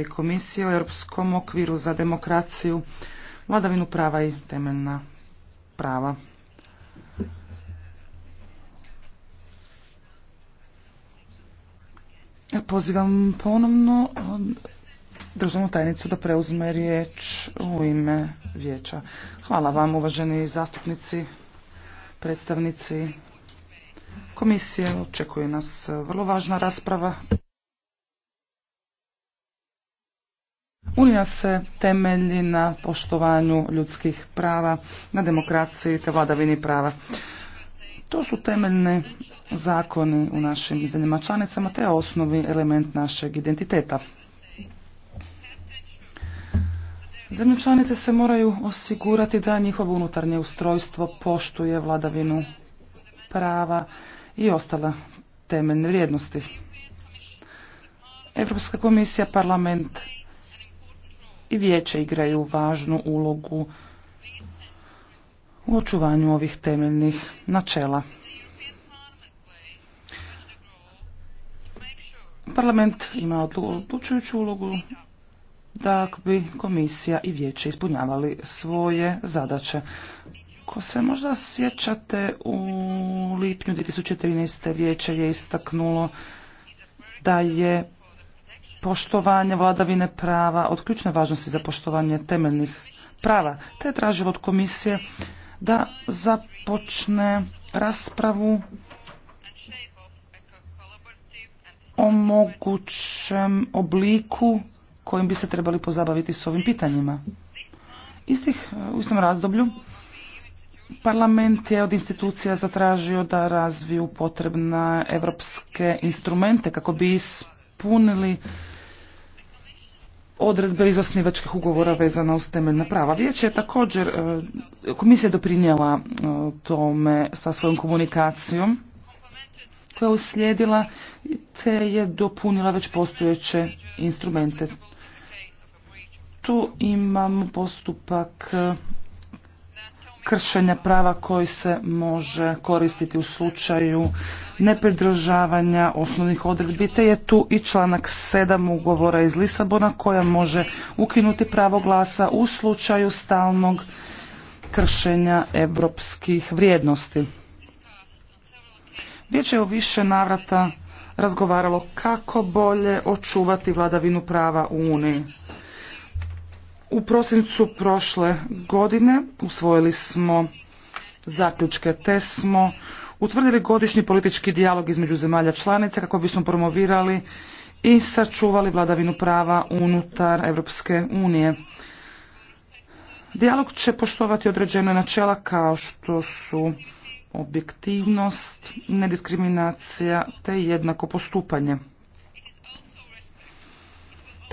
i komisije o Europskom okviru za demokraciju, vladavinu prava i temeljna prava. pozivam ponovno um, državnu tajnicu da preuzme riječ u ime vijeća. Hvala vam uvaženi zastupnici, predstavnici komisije. Očekuje nas vrlo važna rasprava. Unija se temelji na poštovanju ljudskih prava, na demokraciji te vladavini prava. To su temeljne zakoni u našim zemljama članicama te osnovi element našeg identiteta. Zemlje članice se moraju osigurati da njihovo unutarnje ustrojstvo poštuje vladavinu prava i ostale temeljne vrijednosti. Europska komisija, parlament i vijeće igraju važnu ulogu u očuvanju ovih temeljnih načela. Parlament ima odlučujuću ulogu da bi komisija i vijeće ispunjavali svoje zadaće. Ko se možda sjećate, u lipnju 2013. vijeće je istaknulo da je poštovanje vladavine prava od ključne važnosti za poštovanje temeljnih prava, te je tražilo od komisije da započne raspravu o mogućem obliku kojim bi se trebali pozabaviti s ovim pitanjima. Istih, u istom razdoblju parlament je od institucija zatražio da razviju potrebne evropske instrumente kako bi ispunili odredbe iz osnivačkih ugovora vezana uz temeljna prava. Vijeće je također, e, komisija je doprinijela e, tome sa svojom komunikacijom koja je uslijedila te je dopunila već postojeće instrumente. Tu imamo postupak kršenja prava koji se može koristiti u slučaju nepridržavanja osnovnih odredbi, te je tu i članak 7 ugovora iz Lisabona koja može ukinuti pravo glasa u slučaju stalnog kršenja europskih vrijednosti. Vijeće je u više navrata razgovaralo kako bolje očuvati vladavinu prava u Uniji. U prosincu prošle godine usvojili smo zaključke te smo utvrdili godišnji politički dijalog između zemalja članica kako bismo promovirali i sačuvali vladavinu prava unutar Europske unije. Dijalog će poštovati određene načela kao što su objektivnost, nediskriminacija te jednako postupanje.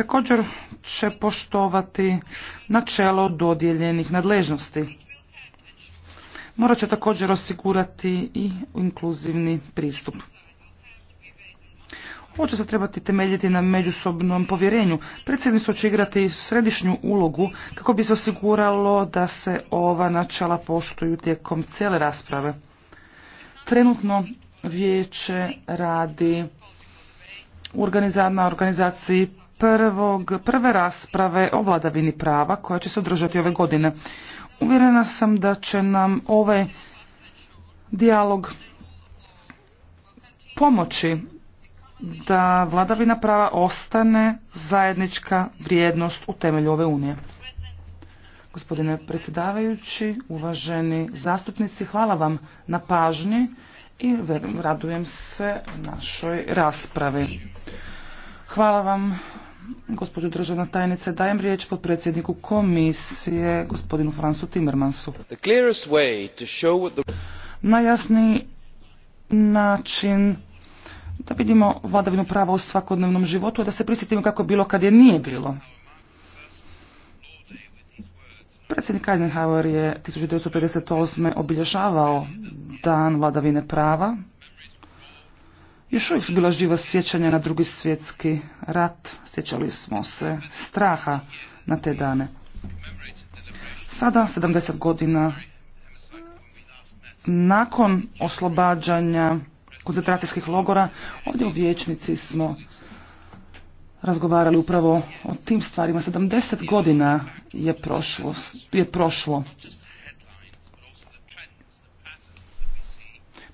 Također će poštovati načelo dodijeljenih nadležnosti. Morat će također osigurati i inkluzivni pristup. Ovo će se trebati temeljiti na međusobnom povjerenju. Predsjedništvo će igrati središnju ulogu kako bi se osiguralo da se ova načela poštuju tijekom cijele rasprave. Trenutno vijeće radi na organizaciji prvog, prve rasprave o vladavini prava koja će se održati ove godine. Uvjerena sam da će nam ovaj dijalog pomoći da vladavina prava ostane zajednička vrijednost u temelju ove unije. Gospodine predsjedavajući, uvaženi zastupnici, hvala vam na pažnji i radujem se našoj raspravi. Hvala vam Gospođo državna tajnice, dajem riječ potpredsjedniku komisije, gospodinu Fransu Timmermansu. Najjasniji način da vidimo vladavinu prava u svakodnevnom životu, je da se prisjetimo kako je bilo kad je nije bilo. Predsjednik Eisenhower je 1958. obilježavao dan vladavine prava još uvijek su bila živa sjećanja na drugi svjetski rat, sjećali smo se straha na te dane. Sada, 70 godina nakon oslobađanja koncentracijskih logora, ovdje u Vječnici smo razgovarali upravo o tim stvarima. 70 godina je prošlo. Je prošlo.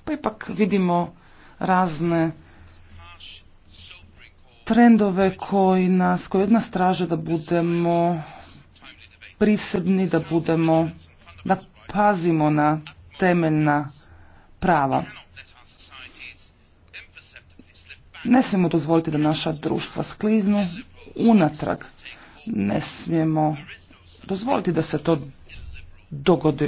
Pa ipak vidimo razne trendove koji nas, koji od nas traže da budemo prisebni, da budemo, da pazimo na temeljna prava. Ne smijemo dozvoliti da naša društva skliznu unatrag. Ne smijemo dozvoliti da se to dogodi.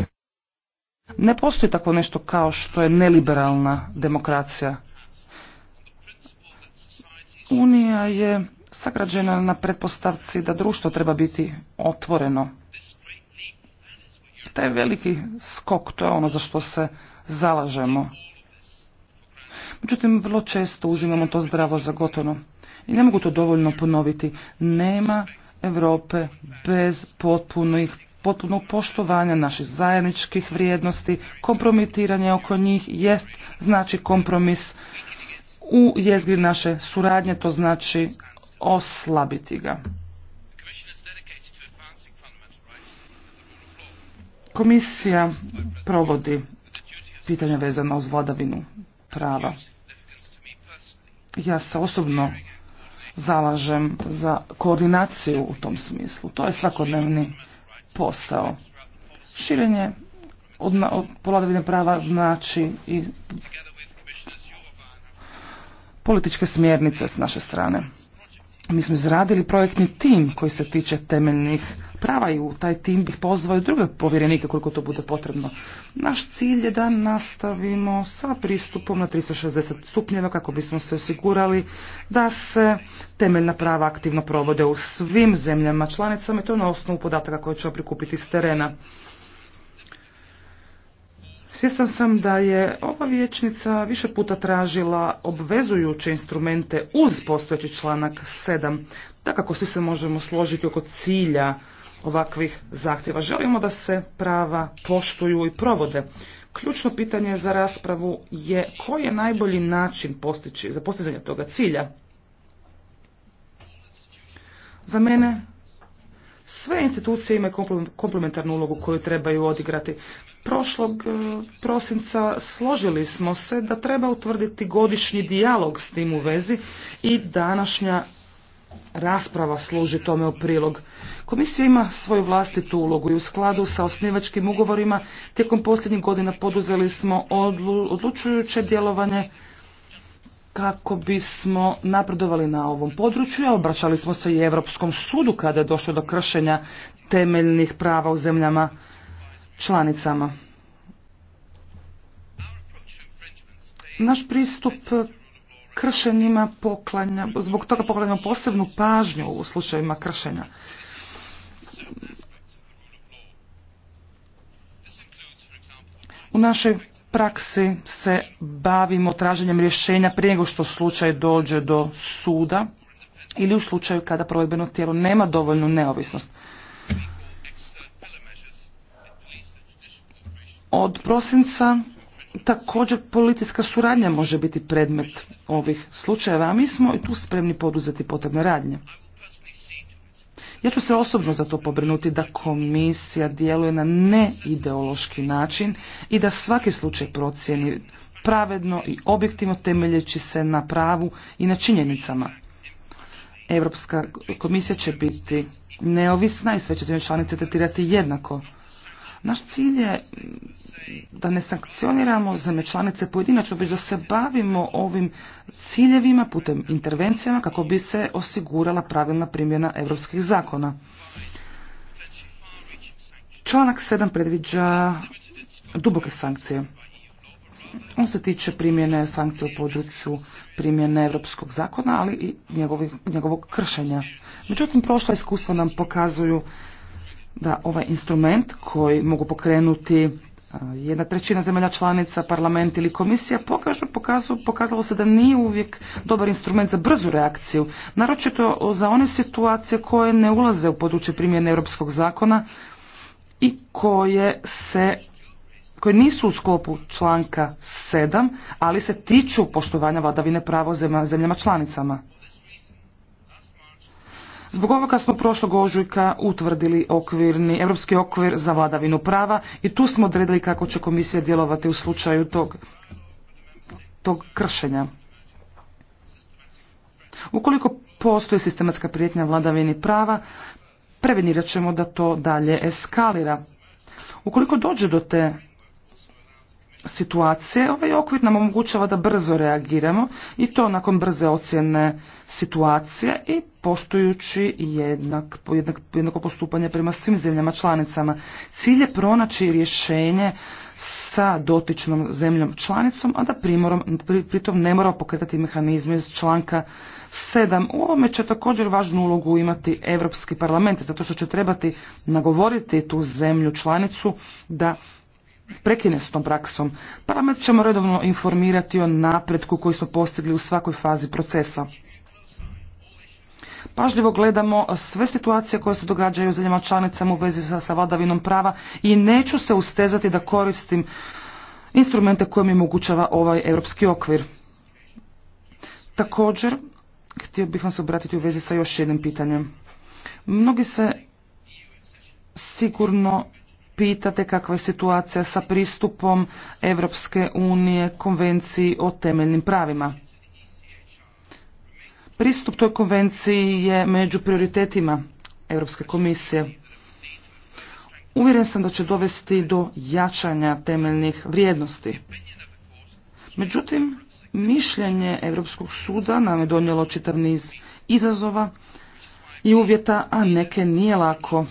Ne postoji tako nešto kao što je neliberalna demokracija. Unija je sagrađena na pretpostavci da društvo treba biti otvoreno. Taj veliki skok, to je ono za što se zalažemo. Međutim, vrlo često uzimamo to zdravo za gotovo. I ne mogu to dovoljno ponoviti. Nema Europe bez potpunih potpunog poštovanja naših zajedničkih vrijednosti, kompromitiranje oko njih jest znači kompromis u jezgri naše suradnje, to znači oslabiti ga. Komisija provodi pitanja vezana uz vladavinu prava. Ja se osobno zalažem za koordinaciju u tom smislu. To je svakodnevni posao. Širenje od, od prava znači i političke smjernice s naše strane. Mi smo izradili projektni tim koji se tiče temeljnih prava i u taj tim bih pozvao i druge povjerenike koliko to bude potrebno. Naš cilj je da nastavimo sa pristupom na 360 stupnjeva kako bismo se osigurali da se temeljna prava aktivno provode u svim zemljama članicama i to na osnovu podataka koje ćemo prikupiti s terena. Svjestan sam da je ova vijećnica više puta tražila obvezujuće instrumente uz postojeći članak 7. Takako svi se možemo složiti oko cilja ovakvih zahtjeva. Želimo da se prava poštuju i provode. Ključno pitanje za raspravu je koji je najbolji način postići, za postizanje toga cilja. Za mene sve institucije imaju komplementarnu ulogu koju trebaju odigrati. Prošlog eh, prosinca složili smo se da treba utvrditi godišnji dijalog s tim u vezi i današnja rasprava služi tome u prilog. Komisija ima svoju vlastitu ulogu i u skladu sa osnivačkim ugovorima tijekom posljednjih godina poduzeli smo odlučujuće djelovanje kako bismo napredovali na ovom području, a obraćali smo se i Europskom sudu kada je došlo do kršenja temeljnih prava u zemljama članicama. Naš pristup kršenjima poklanja, zbog toga poklanjamo posebnu pažnju u slučajevima kršenja. U našoj praksi se bavimo traženjem rješenja prije nego što slučaj dođe do suda ili u slučaju kada provedbeno tijelo nema dovoljnu neovisnost. Od prosinca Također policijska suradnja može biti predmet ovih slučajeva, a mi smo i tu spremni poduzeti potrebne radnje. Ja ću se osobno za to pobrinuti da komisija djeluje na neideološki način i da svaki slučaj procijeni pravedno i objektivno temeljeći se na pravu i na činjenicama. Europska komisija će biti neovisna i sve će zemlje članice tretirati jednako. Naš cilj je da ne sankcioniramo zemlje članice pojedinačno, već da se bavimo ovim ciljevima putem intervencijama kako bi se osigurala pravilna primjena europskih zakona. Članak 7 predviđa duboke sankcije. On se tiče primjene sankcije u području primjene Europskog zakona, ali i njegovog kršenja. Međutim, prošla iskustva nam pokazuju da ovaj instrument koji mogu pokrenuti jedna trećina zemalja članica, parlament ili komisija pokažu, pokazalo se da nije uvijek dobar instrument za brzu reakciju, naročito za one situacije koje ne ulaze u područje primjene europskog zakona i koje se koje nisu u sklopu članka 7, ali se tiču poštovanja vladavine prava zemljama članicama. Zbog ovoga smo prošlog ožujka utvrdili okvirni, europski okvir za vladavinu prava i tu smo odredili kako će komisija djelovati u slučaju tog, tog kršenja. Ukoliko postoji sistematska prijetnja vladavini prava, prevenirat ćemo da to dalje eskalira. Ukoliko dođe do te situacije, ovaj okvir nam omogućava da brzo reagiramo i to nakon brze ocjene situacije i poštujući jednak, jednak, jednako postupanje prema svim zemljama članicama. Cilj je pronaći rješenje sa dotičnom zemljom članicom, a da primorom, pritom ne mora pokretati mehanizme iz članka 7. U ovome će također važnu ulogu imati Europski parlament, zato što će trebati nagovoriti tu zemlju članicu da prekine s tom praksom. Parlament ćemo redovno informirati o napretku koji smo postigli u svakoj fazi procesa. Pažljivo gledamo sve situacije koje se događaju u zemljama članicama u vezi sa, sa vladavinom prava i neću se ustezati da koristim instrumente koje mi omogućava ovaj europski okvir. Također, htio bih vam se obratiti u vezi sa još jednim pitanjem. Mnogi se sigurno pitate kakva je situacija sa pristupom Europske unije konvenciji o temeljnim pravima. Pristup toj konvenciji je među prioritetima Europske komisije. Uvjeren sam da će dovesti do jačanja temeljnih vrijednosti. Međutim, mišljenje Europskog suda nam je donijelo čitav niz izazova i uvjeta, a neke nije lako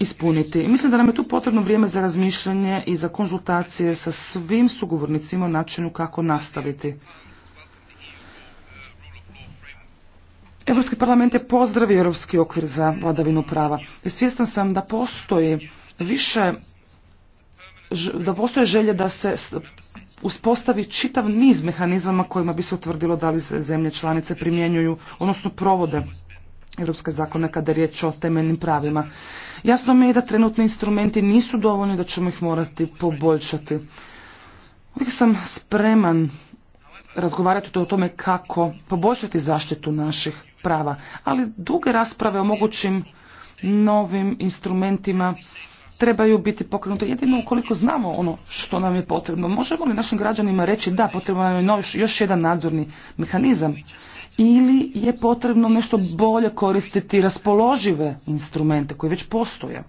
ispuniti. Mislim da nam je tu potrebno vrijeme za razmišljanje i za konzultacije sa svim sugovornicima o načinu kako nastaviti. Europski parlament je pozdravio Europski okvir za vladavinu prava. I svjestan sam da postoji više da postoje želje da se uspostavi čitav niz mehanizama kojima bi se utvrdilo da li se zemlje članice primjenjuju, odnosno provode europske zakone kada je riječ o temeljnim pravima. Jasno mi je da trenutni instrumenti nisu dovoljni da ćemo ih morati poboljšati. Uvijek sam spreman razgovarati o tome kako poboljšati zaštitu naših prava, ali duge rasprave o mogućim novim instrumentima trebaju biti pokrenute jedino ukoliko znamo ono što nam je potrebno. Možemo li našim građanima reći da potrebno nam je još, još jedan nadzorni mehanizam ili je potrebno nešto bolje koristiti raspoložive instrumente koji već postoje.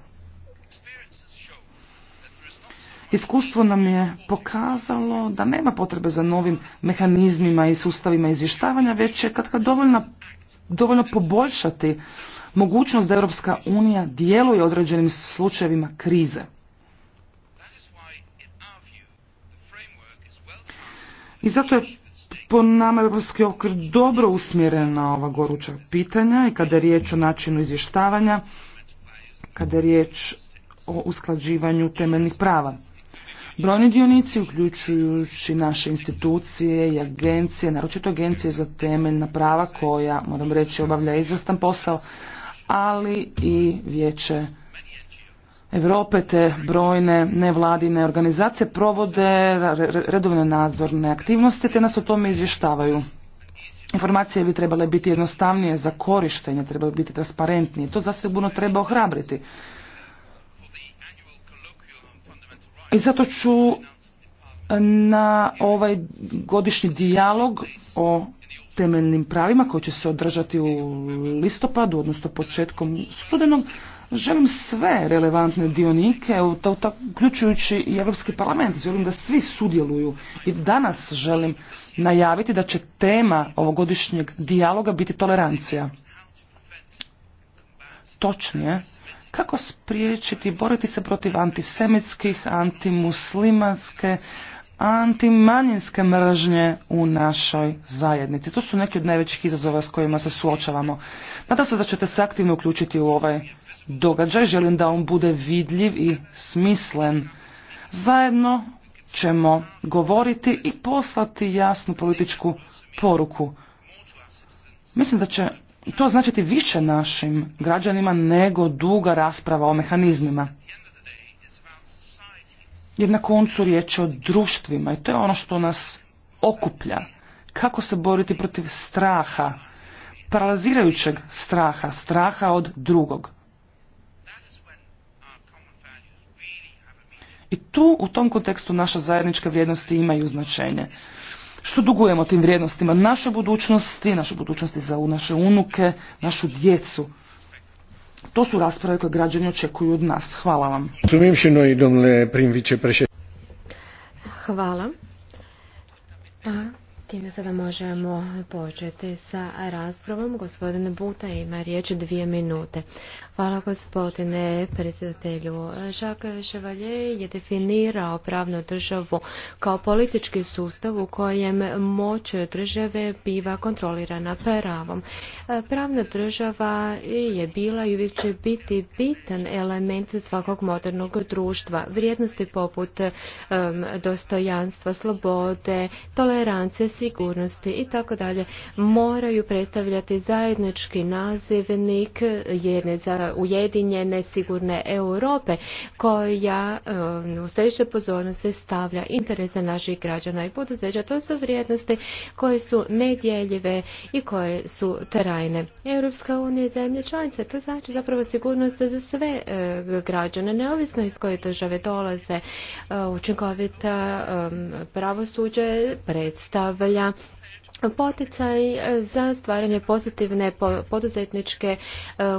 Iskustvo nam je pokazalo da nema potrebe za novim mehanizmima i sustavima izvještavanja, već je kad dovoljno, dovoljno poboljšati mogućnost da Europska unija dijeluje određenim slučajevima krize. I zato je po nama Europski okvir dobro usmjeren na ova goruća pitanja i kada je riječ o načinu izvještavanja, kada je riječ o usklađivanju temeljnih prava. Brojni dionici, uključujući naše institucije i agencije, naročito agencije za temeljna prava koja, moram reći, obavlja izvrstan posao, ali i vijeće Europe te brojne nevladine organizacije provode redovne nadzorne aktivnosti te nas o tome izvještavaju. Informacije bi trebale biti jednostavnije za korištenje, trebale biti transparentnije. To zasigurno treba ohrabriti. I zato ću na ovaj godišnji dijalog o temeljnim pravima koji će se održati u listopadu, odnosno početkom studenom Želim sve relevantne dionike, uključujući i Europski parlament, želim da svi sudjeluju i danas želim najaviti da će tema ovogodišnjeg dijaloga biti tolerancija. Točnije, kako spriječiti boriti se protiv antisemitskih, antimuslimanske, antimanjinske mržnje u našoj zajednici. To su neki od najvećih izazova s kojima se suočavamo. Nadam se da ćete se aktivno uključiti u ovaj događaj, želim da on bude vidljiv i smislen. Zajedno ćemo govoriti i poslati jasnu političku poruku. Mislim da će to značiti više našim građanima nego duga rasprava o mehanizmima. Jer na koncu riječ je o društvima i to je ono što nas okuplja. Kako se boriti protiv straha, paralizirajućeg straha, straha od drugog. I tu u tom kontekstu naše zajedničke vrijednosti imaju značenje. Što dugujemo tim vrijednostima? Naše budućnosti, naše budućnosti za naše unuke, našu djecu. To su rasprave koje građani očekuju od nas. Hvala vam. Hvala. Time sada možemo početi sa raspravom. Gospodin Buta ima riječ dvije minute. Hvala gospodine predsjedatelju. Žak Ševalje je definirao pravnu državu kao politički sustav u kojem moć države biva kontrolirana pravom. Pravna država je bila i uvijek će biti bitan element svakog modernog društva. Vrijednosti poput dostojanstva, slobode, tolerancije, sigurnosti i tako dalje moraju predstavljati zajednički nazivnik jedne za ujedinjene sigurne Europe koja um, u središte pozornosti stavlja interese naših građana i poduzeća. To su vrijednosti koje su nedjeljive i koje su trajne. Europska unija je zemlje članice. To znači zapravo sigurnost za sve uh, građane, neovisno iz koje države dolaze. Uh, učinkovita um, pravosuđe predstavlja predstavlja poticaj za stvaranje pozitivne poduzetničke e,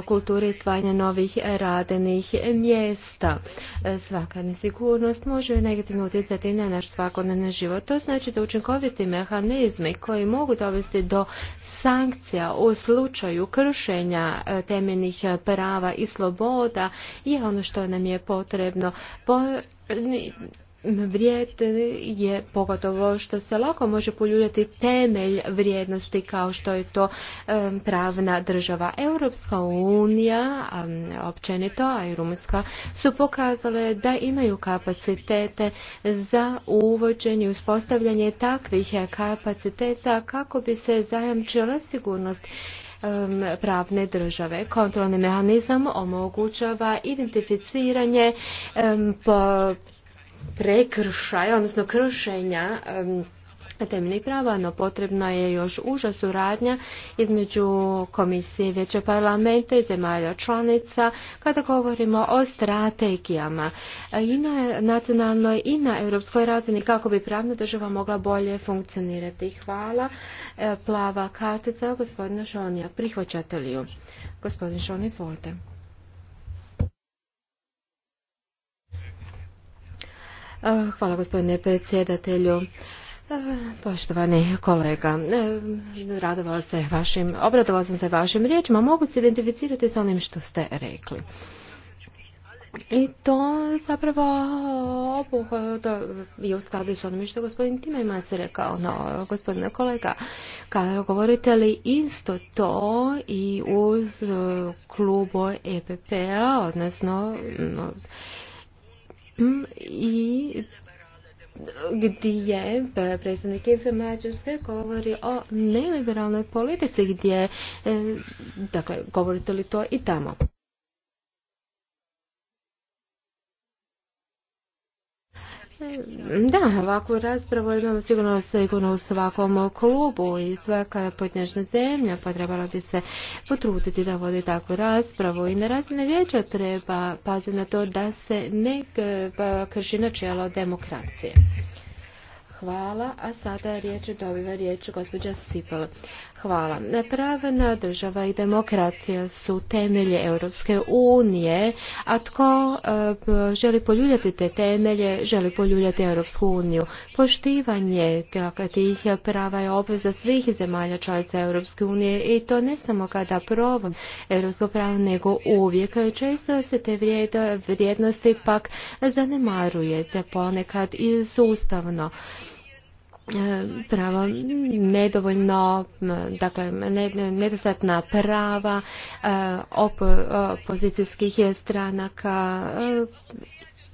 kulture i stvaranje novih radenih mjesta. E, svaka nesigurnost može negativno utjecati na naš svakodnevni život. To znači da učinkoviti mehanizmi koji mogu dovesti do sankcija u slučaju kršenja e, temeljnih prava i sloboda je ono što nam je potrebno. Vrijed je pogotovo što se lako može poljuljati temelj vrijednosti kao što je to pravna država. Europska unija, općenito, a i rumunjska su pokazale da imaju kapacitete za uvođenje i uspostavljanje takvih kapaciteta kako bi se zajamčila sigurnost pravne države. Kontrolni mehanizam omogućava identificiranje prekršaja, odnosno kršenja temeljnih prava, no potrebna je još uža suradnja između Komisije Vijeća parlamenta i zemalja članica kada govorimo o strategijama e, i na nacionalnoj i na europskoj razini kako bi pravna država mogla bolje funkcionirati. Hvala. E, plava kartica gospodina Šonija. Prihvaćate li ju? Gospodin Šonija, izvolite. Hvala gospodine predsjedatelju. Poštovani kolega, radovala se vašim, obradovala sam se vašim riječima, mogu se identificirati s onim što ste rekli. I to zapravo obuh je u skladu s onim što gospodin se rekao, no gospodine kolega, kao govorite li isto to i uz e, klubu EPP-a, odnosno i gdje predstavnik iz Mađarske govori o neliberalnoj politici gdje, e, dakle, govorite li to i tamo? Da, ovakvu raspravu imamo sigurno, sigurno u svakom klubu i svaka pojedinačna zemlja pa bi se potruditi da vodi takvu raspravu i na razine vijeća treba paziti na to da se ne pa krši načelo demokracije. Hvala, a sada riječ dobiva riječ gospođa Sipala. Hvala. Pravna država i demokracija su temelje Europske unije, a tko eh, želi poljuljati te temelje, želi poljuljati Europsku uniju. Poštivanje dakle, tih prava je obveza svih zemalja članica Europske unije i to ne samo kada provom europsko pravo, nego uvijek. Često se te vrijednosti pak zanemarujete ponekad i sustavno pravo nedovoljno, dakle nedostatna prava e, opozicijskih stranaka,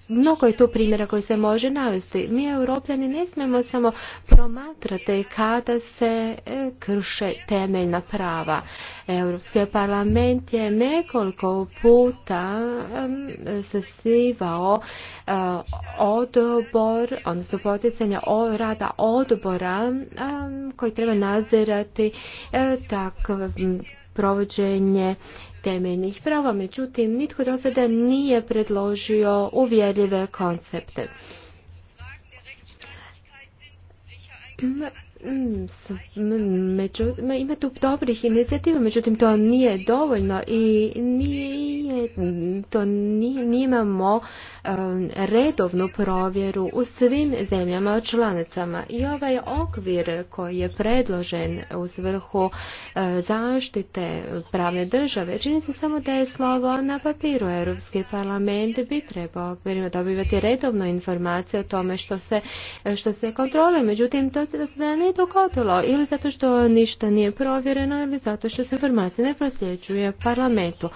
Mnogo je tu primjera koji se može navesti. Mi, europljani, ne smijemo samo promatrati kada se e, krše temeljna prava. Europski parlament je nekoliko puta sasivao e, odbor, odnosno poticanja rada odbora koji treba nadzirati e, takve provođenje temeljnih prava. Međutim, nitko do sada nije predložio uvjerljive koncepte. Međutim, ima tu dobrih inicijativa, međutim to nije dovoljno i nije, to nije, Um, redovnu provjeru u svim zemljama članicama. I ovaj okvir koji je predložen u svrhu uh, zaštite pravne države, čini se samo da je slovo na papiru. Europski parlament bi trebao dobivati redovnu informacije o tome što se, što kontrole. Međutim, to se da ne dogodilo ili zato što ništa nije provjereno ili zato što se informacije ne prosjećuje parlamentu.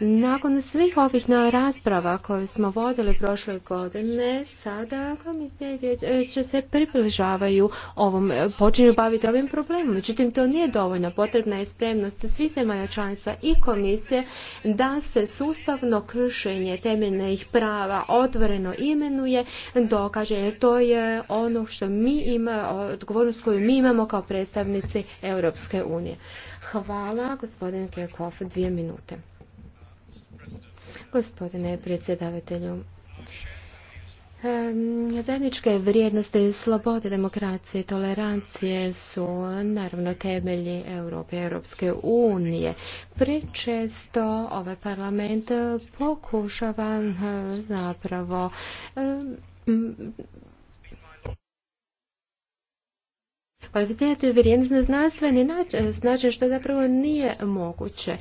Nakon svih ovih rasprava koje smo vodili prošle godine, sada će se približavaju ovom, e, počinju baviti ovim problemom. Međutim, to nije dovoljno. Potrebna je spremnost svih zemalja članica i komisije da se sustavno kršenje temeljnih prava otvoreno imenuje, dokaže, jer to je ono što mi ima, odgovornost koju mi imamo kao predstavnici Europske unije. Hvala, gospodin Kekov, dvije minute. Gospodine predsjedavatelju, Zajedničke vrijednosti slobode, demokracije, tolerancije su naravno temelji Europe, Europske unije. Prečesto ovaj parlament pokušava zapravo kvalificirati vrijednost na znanstveni način, znači što zapravo nije moguće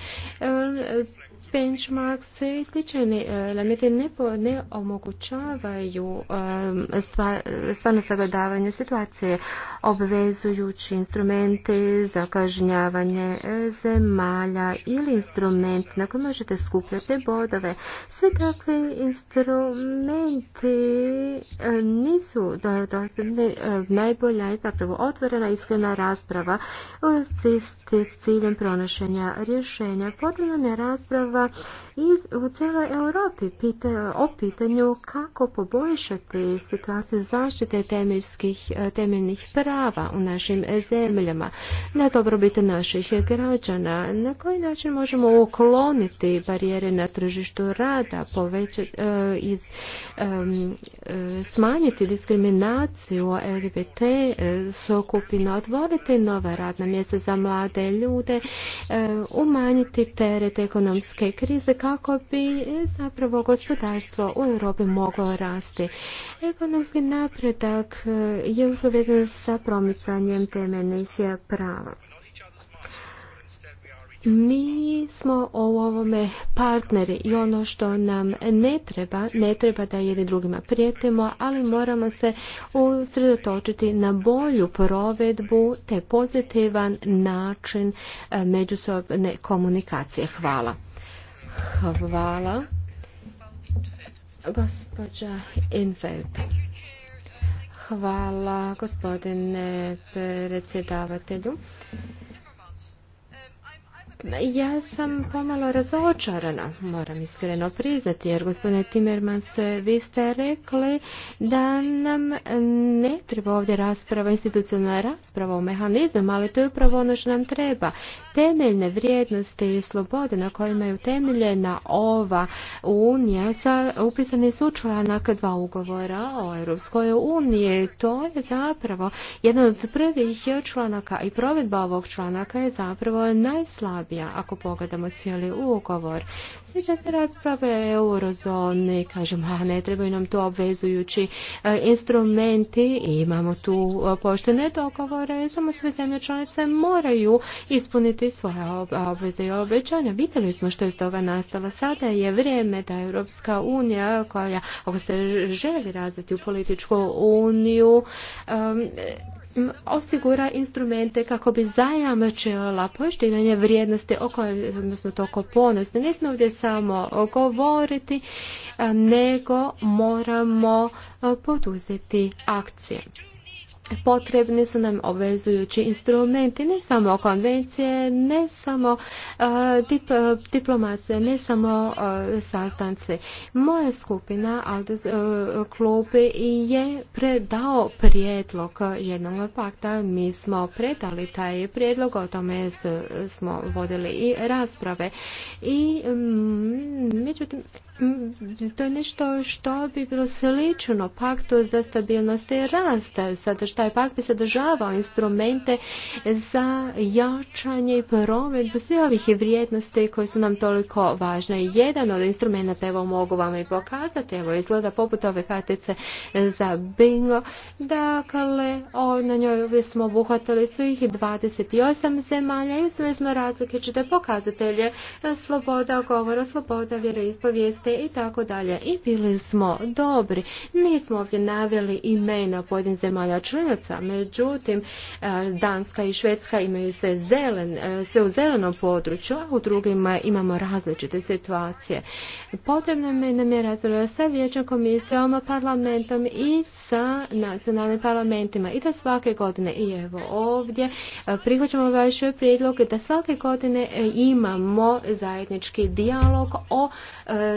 benchmarks i slični elementi ne, omogućavaju e, stvarno sagledavanje situacije, obvezujući instrumenti za kažnjavanje e, zemalja ili instrument na koji možete skupljati bodove. Sve takve instrumenti e, nisu dostupni. Najbolja i zapravo otvorena iskrena rasprava s ciljem pronošenja rješenja. Potrebna je rasprava a i u cijeloj Europi pita, o pitanju kako poboljšati situaciju zaštite e, temeljnih prava u našim zemljama, na dobrobit naših građana, na koji način možemo ukloniti barijere na tržištu rada, povećati, e, iz, e, smanjiti diskriminaciju LGBT skupina, otvoriti nova radna mjesta za mlade ljude, umanjiti teret ekonomske krize, kao kako bi zapravo gospodarstvo u Europi moglo rasti. Ekonomski napredak e, je uslovezan sa promicanjem temeljnih prava. Mi smo u ovome partneri i ono što nam ne treba, ne treba da jedni drugima prijetimo, ali moramo se usredotočiti na bolju provedbu te pozitivan način e, međusobne komunikacije. Hvala. Hvala. Gospođa Infeld. Hvala gospodine predsjedavatelju. Ja sam pomalo razočarana, moram iskreno priznati, jer gospodine Timmermans, vi ste rekli da nam ne treba ovdje rasprava, institucionalna rasprava o mehanizmu, ali to je upravo ono što nam treba. Temeljne vrijednosti i slobode na kojima je utemeljena ova unija upisani su članak dva ugovora o Europskoj uniji. To je zapravo jedan od prvih članaka i provedba ovog članaka je zapravo najslab ako pogledamo cijeli ugovor. Sviđa se rasprave eurozone, kažemo, a ne trebaju nam tu obvezujući e, instrumenti, imamo tu e, poštene dogovore, samo sve zemlje članice moraju ispuniti svoje obveze i obećanja. Vidjeli smo što je iz toga nastalo, Sada je vrijeme da Europska unija, koja ako se želi razviti u političku uniju, e, osigura instrumente kako bi zajamčila poštivanje vrijednosti o kojoj smo toliko ponosni. Ne smo ovdje samo govoriti, nego moramo poduzeti akcije potrebni su nam obvezujući instrumenti, ne samo konvencije, ne samo diplomacije, ne samo sastance. Moja skupina, klub, je predao prijedlog jednog pakta. Mi smo predali taj prijedlog, o tome smo vodili i rasprave. I mm, međutim, to je nešto što bi bilo slično paktu za stabilnost i rast. Sada taj pak bi sadržavao instrumente za jačanje i provedbu svih ovih vrijednosti koje su nam toliko važne. Jedan od instrumenta, evo mogu vam i pokazati, evo izgleda poput ove kartice za bingo. Dakle, na njoj smo obuhvatili svih 28 zemalja i sve smo različite pokazatelje sloboda govora, sloboda ispovijeste i tako dalje. I bili smo dobri. Nismo ovdje naveli imena pojedin zemalja člana, Međutim, e, Danska i Švedska imaju se zelen, e, sve u zelenom području, a u drugima imamo različite situacije. Potrebno mi nam je razgovor sa vijećom komisijom, parlamentom i sa nacionalnim parlamentima i da svake godine i evo ovdje e, prihvaćamo vaš prijedlog da svake godine imamo zajednički dijalog o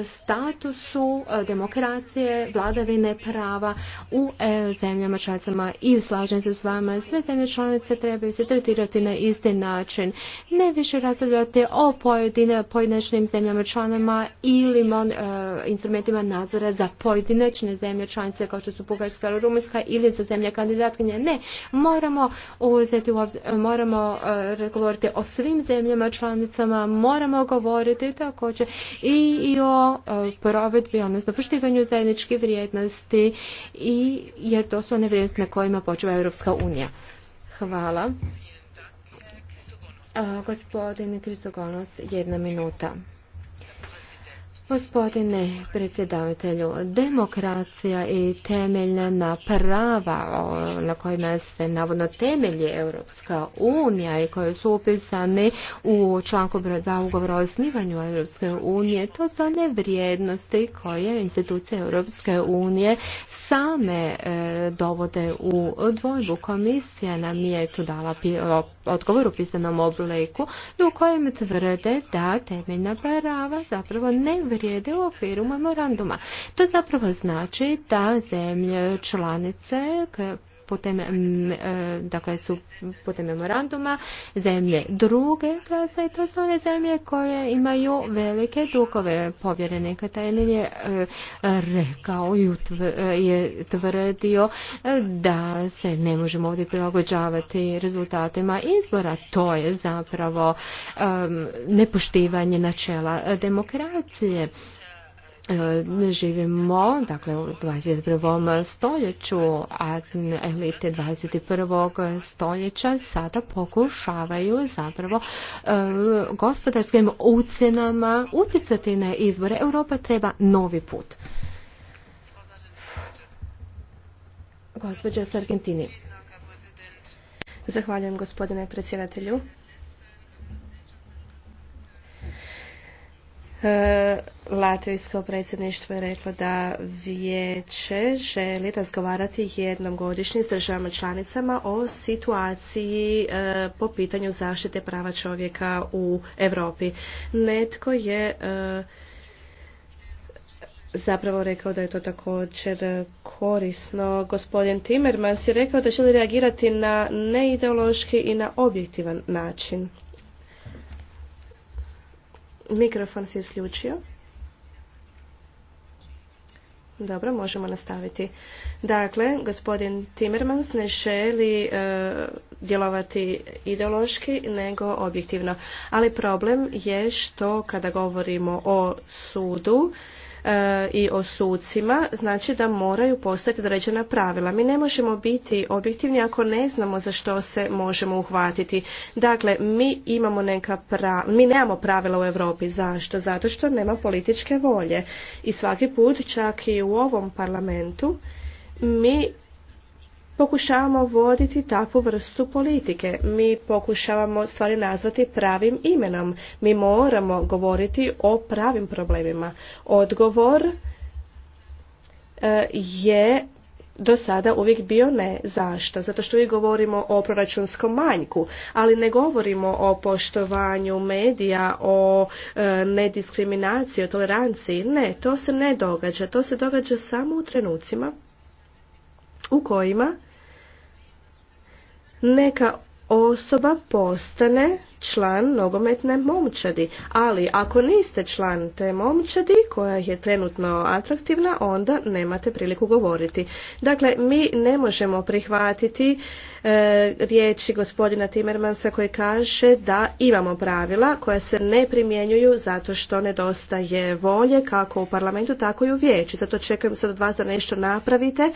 statusu demokracije, vladavine prava u zemljama članicama i slažem se s vama, sve zemlje članice trebaju se tretirati na isti način. Ne više raspravljati o pojedine, pojedinačnim zemljama članama ili e, instrumentima nadzora za pojedinačne zemlje članice kao što su Bugarska ili Rumunjska ili za zemlje kandidatkinje. Ne, moramo uzeti u moramo e, govoriti o svim zemljama članicama, moramo govoriti također i, o e, provedbi, odnosno poštivanju zajedničkih vrijednosti i jer to su one vrijednosti na kojima počuva Europska unija. Hvala. Gospodine, Kristogonos, jedna minuta. Gospodine predsjedavatelju, demokracija i temeljna prava na kojima se navodno temelji Europska unija i koje su upisane u članku broj 2 ugovora o osnivanju Europske unije, to su one vrijednosti koje institucije Europske unije same e, dovode u dvojbu. Komisija nam je tu dala odgovor u pisanom obliku u kojem tvrde da temeljna prava zapravo ne vrijede u okviru memoranduma. To zapravo znači da zemlje članice putem, e, dakle, su putem memoranduma zemlje druge klase i to su one zemlje koje imaju velike dugove. povjerene Katalin je e, rekao i e, je tvrdio da se ne možemo ovdje prilagođavati rezultatima izbora. To je zapravo nepoštivanje načela demokracije. E, živimo, dakle u 21. stoljeću, a elite 21. stoljeća sada pokušavaju zapravo e, gospodarskim ucenama utjecati na izbore. Europa treba novi put. Gospodin Sargentini. Zahvaljujem gospodine predsjedatelju. E, Latvijsko predsjedništvo je reklo da vijeće želi razgovarati jednom godišnje s državama članicama o situaciji e, po pitanju zaštite prava čovjeka u Europi. Netko je e, zapravo rekao da je to također korisno. Gospodin Timmermans je rekao da želi reagirati na neideološki i na objektivan način. Mikrofon se isključio. Dobro, možemo nastaviti. Dakle, gospodin Timmermans ne želi e, djelovati ideološki nego objektivno. Ali problem je što kada govorimo o sudu E, i o sucima, znači da moraju postati određena pravila. Mi ne možemo biti objektivni ako ne znamo za što se možemo uhvatiti. Dakle, mi imamo neka pravila mi nemamo pravila u Europi. Zašto? Zato što nema političke volje. I svaki put, čak i u ovom parlamentu, mi pokušavamo voditi takvu vrstu politike. Mi pokušavamo stvari nazvati pravim imenom. Mi moramo govoriti o pravim problemima. Odgovor e, je do sada uvijek bio ne. Zašto? Zato što uvijek govorimo o proračunskom manjku, ali ne govorimo o poštovanju medija, o e, nediskriminaciji, o toleranciji. Ne, to se ne događa. To se događa samo u trenucima u kojima neka osoba postane član nogometne momčadi. Ali ako niste član te momčadi koja je trenutno atraktivna, onda nemate priliku govoriti. Dakle, mi ne možemo prihvatiti e, riječi gospodina Timermansa koji kaže da imamo pravila koja se ne primjenjuju zato što nedostaje volje kako u parlamentu, tako i u vijeći. Zato čekujem sad od vas da nešto napravite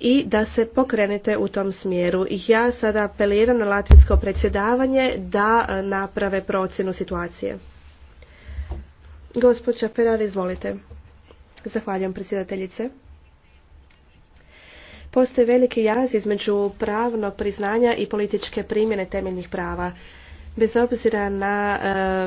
i da se pokrenete u tom smjeru. Ja sada apeliram na latinsko predsjedavanje da e, naprave procjenu situacije. Gospođa Ferrari, izvolite. Zahvaljujem predsjedateljice. Postoji veliki jaz između pravnog priznanja i političke primjene temeljnih prava. Bez obzira na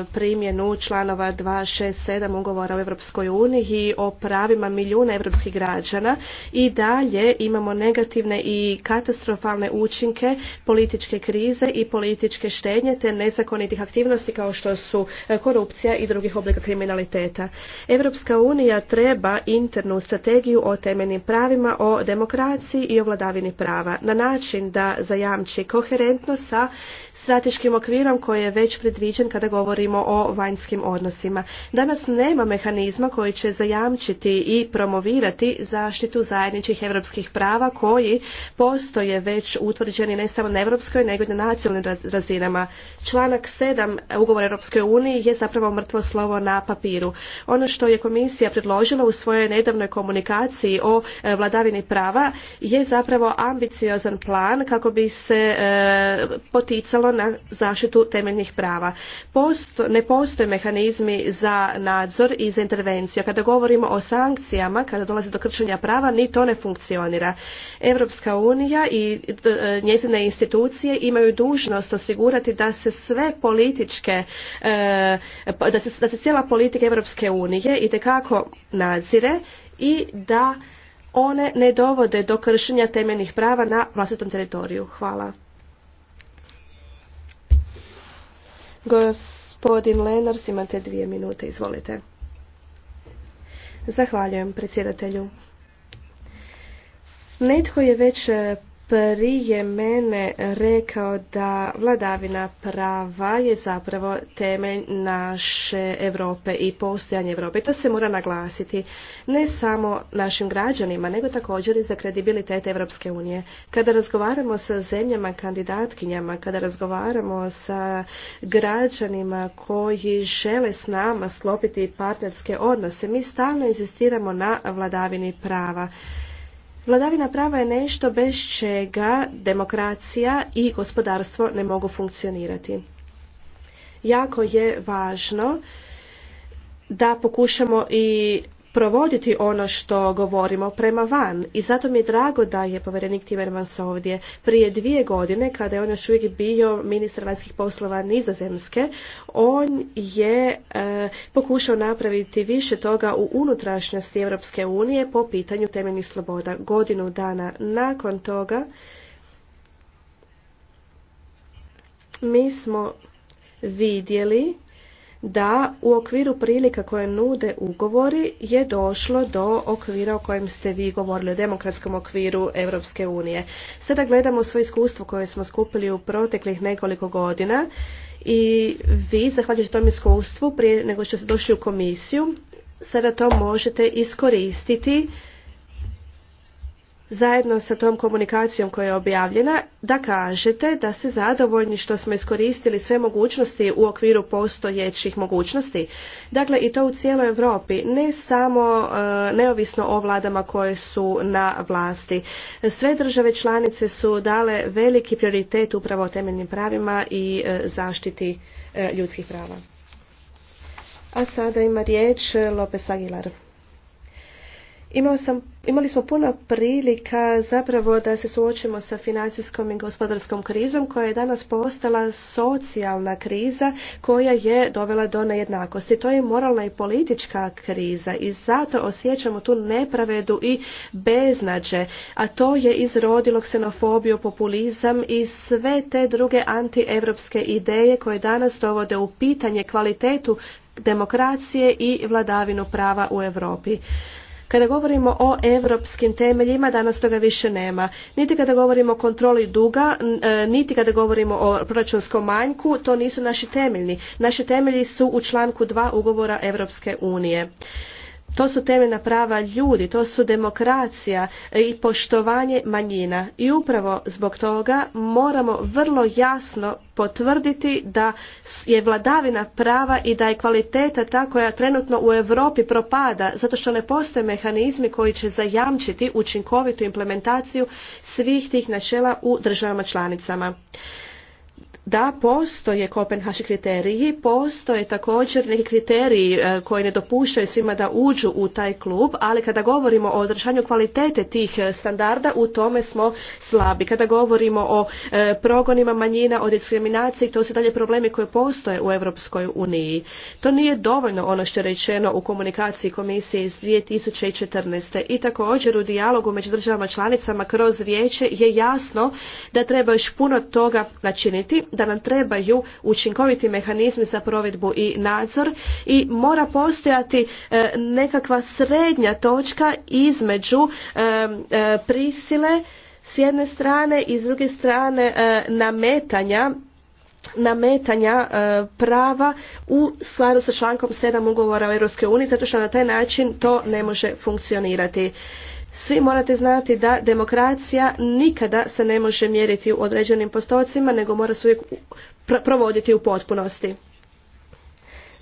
e, primjenu članova 267 ugovora o Europskoj uniji i o pravima milijuna europskih građana i dalje imamo negativne i katastrofalne učinke političke krize i političke štednje te nezakonitih aktivnosti kao što su e, korupcija i drugih oblika kriminaliteta. Europska unija treba internu strategiju o temeljnim pravima, o demokraciji i o vladavini prava na način da zajamči koherentnost sa strateškim okvirom program koji je već predviđen kada govorimo o vanjskim odnosima. Danas nema mehanizma koji će zajamčiti i promovirati zaštitu zajedničkih europskih prava koji postoje već utvrđeni ne samo na europskoj nego i na nacionalnim razinama. Članak 7 ugovora Europske unije je zapravo mrtvo slovo na papiru. Ono što je komisija predložila u svojoj nedavnoj komunikaciji o e, vladavini prava je zapravo ambiciozan plan kako bi se e, poticalo na zaštitu temeljnih prava. Post, ne postoje mehanizmi za nadzor i za intervenciju. Kada govorimo o sankcijama, kada dolazi do kršenja prava, ni to ne funkcionira. Europska unija i e, njezine institucije imaju dužnost osigurati da se sve političke, e, pa, da se, da se cijela politika Europske unije i tekako nadzire i da one ne dovode do kršenja temeljnih prava na vlastitom teritoriju. Hvala. Gospodin Lenars, imate dvije minute, izvolite. Zahvaljujem predsjedatelju. Netko je već prije mene rekao da vladavina prava je zapravo temelj naše Europe i postojanje Europe. To se mora naglasiti ne samo našim građanima, nego također i za kredibilitet Europske unije. Kada razgovaramo sa zemljama kandidatkinjama, kada razgovaramo sa građanima koji žele s nama sklopiti partnerske odnose, mi stalno insistiramo na vladavini prava Vladavina prava je nešto bez čega demokracija i gospodarstvo ne mogu funkcionirati. Jako je važno da pokušamo i provoditi ono što govorimo prema van. I zato mi je drago da je povjerenik Timmermans ovdje. Prije dvije godine, kada je on još uvijek bio ministar vanjskih poslova nizozemske, on je e, pokušao napraviti više toga u unutrašnjosti Europske unije po pitanju temeljnih sloboda. Godinu dana nakon toga mi smo vidjeli da u okviru prilika koje nude ugovori je došlo do okvira o kojem ste vi govorili, o demokratskom okviru Europske unije. Sada gledamo svoje iskustvo koje smo skupili u proteklih nekoliko godina i vi, zahvaljujući tom iskustvu, prije nego što ste došli u komisiju, sada to možete iskoristiti zajedno sa tom komunikacijom koja je objavljena da kažete da ste zadovoljni što smo iskoristili sve mogućnosti u okviru postojećih mogućnosti. Dakle i to u cijeloj Europi, ne samo e, neovisno o vladama koje su na vlasti. Sve države članice su dale veliki prioritet upravo o temeljnim pravima i e, zaštiti e, ljudskih prava. A sada ima riječ Lopez Aguilar. Imao sam, imali smo puno prilika zapravo da se suočimo sa financijskom i gospodarskom krizom koja je danas postala socijalna kriza koja je dovela do nejednakosti. To je moralna i politička kriza i zato osjećamo tu nepravedu i beznađe, a to je izrodilo ksenofobiju, populizam i sve te druge antievropske ideje koje danas dovode u pitanje kvalitetu demokracije i vladavinu prava u Europi. Kada govorimo o europskim temeljima, danas toga više nema. Niti kada govorimo o kontroli duga, e, niti kada govorimo o proračunskom manjku, to nisu naši temeljni. Naši temelji su u članku 2 ugovora Europske unije. To su temeljna prava ljudi, to su demokracija i poštovanje manjina. I upravo zbog toga moramo vrlo jasno potvrditi da je vladavina prava i da je kvaliteta ta koja trenutno u Europi propada zato što ne postoje mehanizmi koji će zajamčiti učinkovitu implementaciju svih tih načela u državama članicama da postoje kopenhaški kriteriji, postoje također neki kriteriji e, koji ne dopuštaju svima da uđu u taj klub, ali kada govorimo o održanju kvalitete tih e, standarda, u tome smo slabi. Kada govorimo o e, progonima manjina, o diskriminaciji, to su dalje problemi koji postoje u Europskoj uniji. To nije dovoljno ono što je rečeno u komunikaciji komisije iz 2014. i također u dijalogu među državama članicama kroz vijeće je jasno da treba još puno toga načiniti da nam trebaju učinkoviti mehanizmi za provedbu i nadzor i mora postojati e, nekakva srednja točka između e, e, prisile s jedne strane i s druge strane nametanja nametanja prava u skladu sa člankom 7 ugovora o EU zato što na taj način to ne može funkcionirati svi morate znati da demokracija nikada se ne može mjeriti u određenim postocima, nego mora se uvijek provoditi u potpunosti.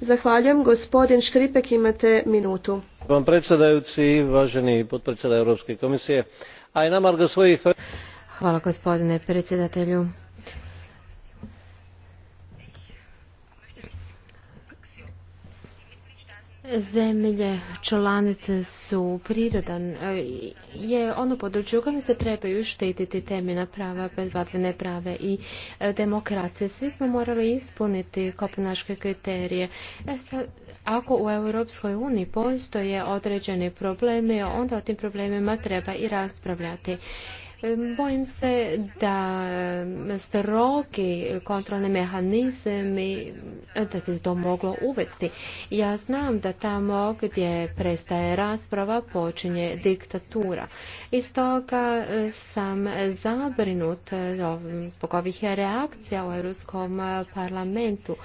Zahvaljujem. Gospodin Škripek, imate minutu. Vam predsjedajući, važeni potpredsjedaj Europske komisije, a i namar svojih... Hvala gospodine predsjedatelju. zemlje članice su prirodan, e, je ono područje u kojem se trebaju štititi temeljna prava, bezvladne prave i e, demokracije. Svi smo morali ispuniti kopenhaške kriterije. E sad, ako u Europskoj uniji postoje određeni problemi, onda o tim problemima treba i raspravljati. Bojim se da strogi kontrolni mehanizmi da se to moglo uvesti. Ja znam da tamo gdje prestaje rasprava počinje diktatura. Iz toga e, sam zabrinut e, zbog ovih reakcija u Europskom parlamentu.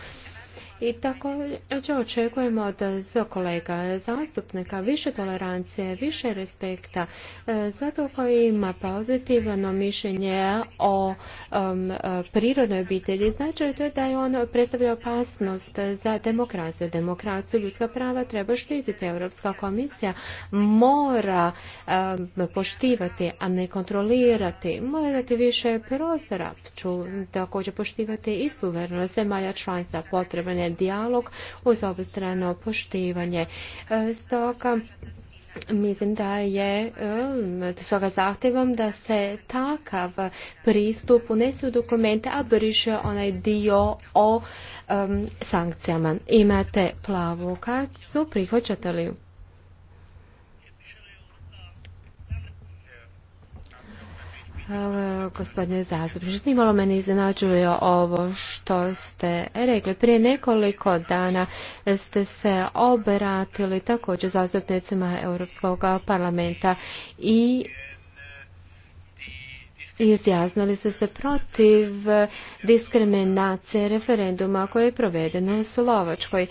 I također očekujemo od kolega zastupnika više tolerancije, više respekta, e, zato koji ima pozitivno mišljenje o um, prirodnoj obitelji. Znači to da je on predstavlja opasnost za demokraciju. Demokraciju ljudska prava treba štititi. Europska komisija mora um, poštivati, a ne kontrolirati. Mora dati više prostora. Ću također poštivati i suverenost zemalja članica potrebne Ovaj dijalog uz obostrano poštivanje. E, stoga Mislim da je e, svoga zahtjevom da se takav pristup unese u dokumente, a briše onaj dio o e, sankcijama. Imate plavu karticu, prihvaćate li Hvala gospodine zastupniče. Nimalo me ne iznenađuje ovo što ste rekli. Prije nekoliko dana ste se obratili također zastupnicima Europskog parlamenta i izjasnili ste se protiv diskriminacije referenduma koje je provedeno u Slovačkoj.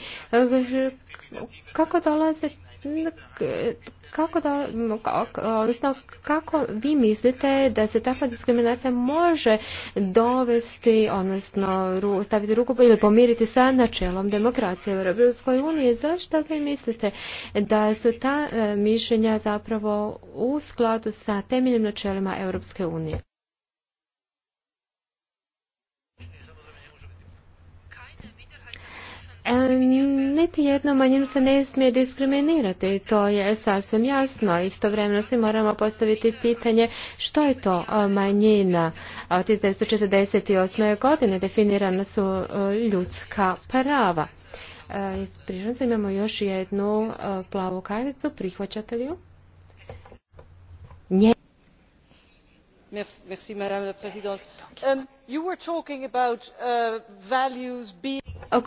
Kako dolazite? kako da, kako vi mislite da se takva diskriminacija može dovesti, odnosno staviti ruku ili pomiriti sa načelom demokracije u Europskoj uniji? Zašto vi mislite da su ta e, mišljenja zapravo u skladu sa temeljnim načelima Europske unije? E, niti jedno manjinu se ne smije diskriminirati, to je sasvim jasno. Istovremeno svi moramo postaviti pitanje što je to e, manjina. Od 1948. godine definirana su e, ljudska prava. Prižno imamo još jednu plavu karticu, prihvaćate li ju? madam president um, you were talking about uh,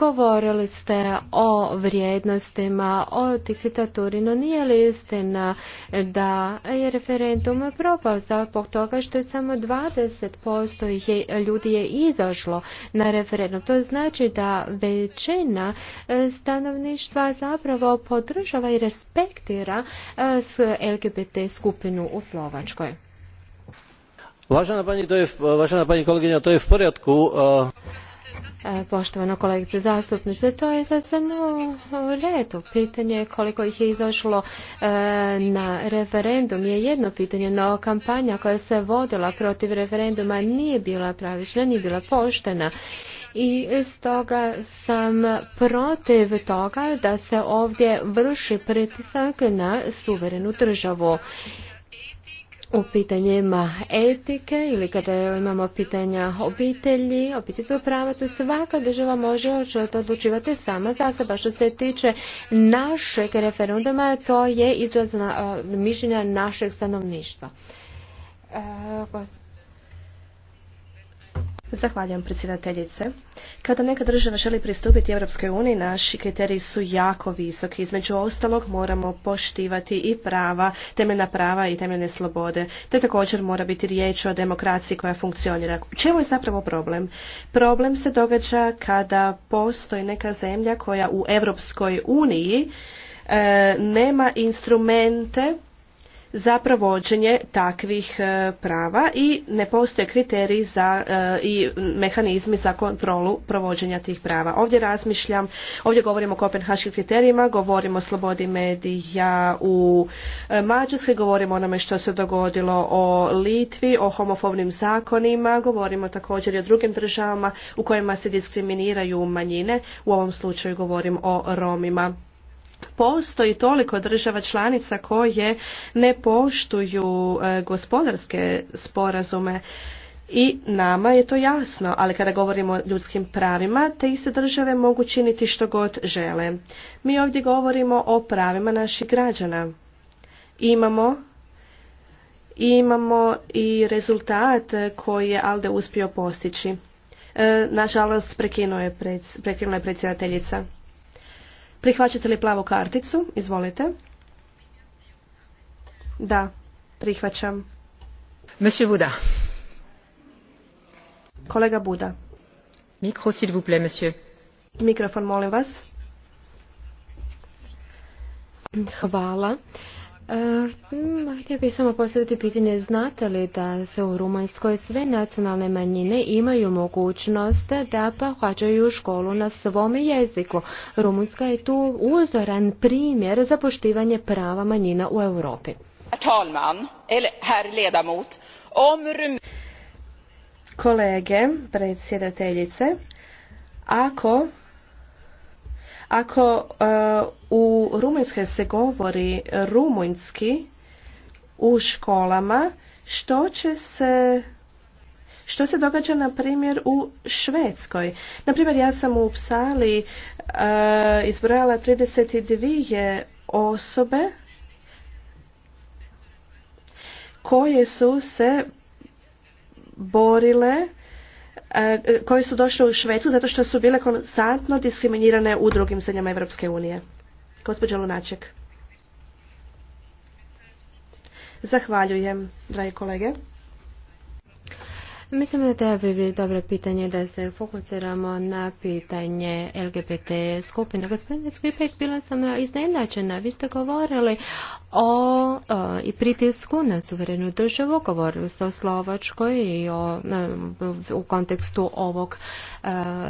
Govorili ste o vrijednostima, o diktaturi, no nije li istina da je referendum propao zbog toga što je samo 20% posto ljudi je izašlo na referendum. To znači da većina e, stanovništva zapravo podržava i respektira e, LGBT skupinu u Slovačkoj pani, to je v e, e, Poštovana kolegice zastupnice, to je sasvim u redu. Pitanje koliko ih je izašlo e, na referendum je jedno pitanje, no kampanja koja se vodila protiv referenduma nije bila pravična, nije bila poštena i stoga sam protiv toga da se ovdje vrši pritisak na suverenu državu u pitanjima etike ili kada imamo pitanja obitelji, obiteljskog prava, to svaka država može to odlučivati sama za seba. Što se tiče našeg referenduma, to je izraz mišljenja našeg stanovništva. E, Zahvaljujem predsjedateljice. Kada neka država želi pristupiti Europskoj uniji, naši kriteriji su jako visoki. Između ostalog moramo poštivati i prava, temeljna prava i temeljne slobode, te također mora biti riječ o demokraciji koja funkcionira. U čemu je zapravo problem? Problem se događa kada postoji neka zemlja koja u Europskoj uniji e, nema instrumente za provođenje takvih e, prava i ne postoje kriteriji za e, i mehanizmi za kontrolu provođenja tih prava. Ovdje razmišljam, ovdje govorimo o kopenhaškim kriterijima, govorimo o slobodi medija u e, Mađarskoj, govorimo o onome što se dogodilo o Litvi, o homofobnim zakonima, govorimo također i o drugim državama u kojima se diskriminiraju manjine, u ovom slučaju govorim o Romima postoji toliko država članica koje ne poštuju e, gospodarske sporazume i nama je to jasno, ali kada govorimo o ljudskim pravima, te iste države mogu činiti što god žele. Mi ovdje govorimo o pravima naših građana. Imamo imamo i rezultat koji je Alde uspio postići. E, nažalost, prekinula je predsjedateljica. Prihvaćate li plavu karticu? Izvolite. Da, prihvaćam. Monsieur Buda. Kolega Buda. Mikro, s'il vous plaît, monsieur. Mikrofon, molim vas. Hvala. E, htio bih samo postaviti pitanje, znate li da se u Rumunjskoj sve nacionalne manjine imaju mogućnost da pohađaju školu na svom jeziku? Rumunjska je tu uzoran primjer za poštivanje prava manjina u Europi. Kolege, predsjedateljice, ako ako uh, u Rumunjskoj se govori rumunjski u školama, što će se što se događa, na primjer, u Švedskoj? Na primjer, ja sam u Psali uh, izbrojala 32 osobe koje su se borile E, koje su došle u Švecu zato što su bile konstantno diskriminirane u drugim zemljama Europske unije. Gospođa Lunaček. Zahvaljujem, dragi kolege. Mislim da je dobro pitanje da se fokusiramo na pitanje LGBT skupine. Gospodine Skripek, bila sam iznenačena. Vi ste govorili o, e, i pritisku na suverenu državu, govorili ste o Slovačkoj i o, e, u kontekstu ovog e,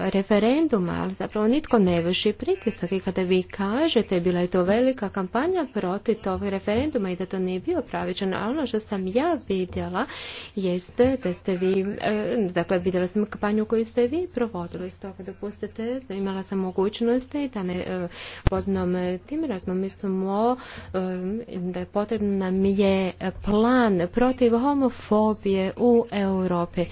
referenduma, ali zapravo nitko ne vrši pritisak i kada vi kažete bila je to velika kampanja protiv tog referenduma i da to nije bio pravičan, ali ono što sam ja vidjela jeste da ste vi E, dakle vidjela sam kampanju koju ste vi provodili stoga dopustite da imala sam mogućnosti da ne podnom e, e, tim razmom mislimo da je potrebno nam je plan protiv homofobije u Europi.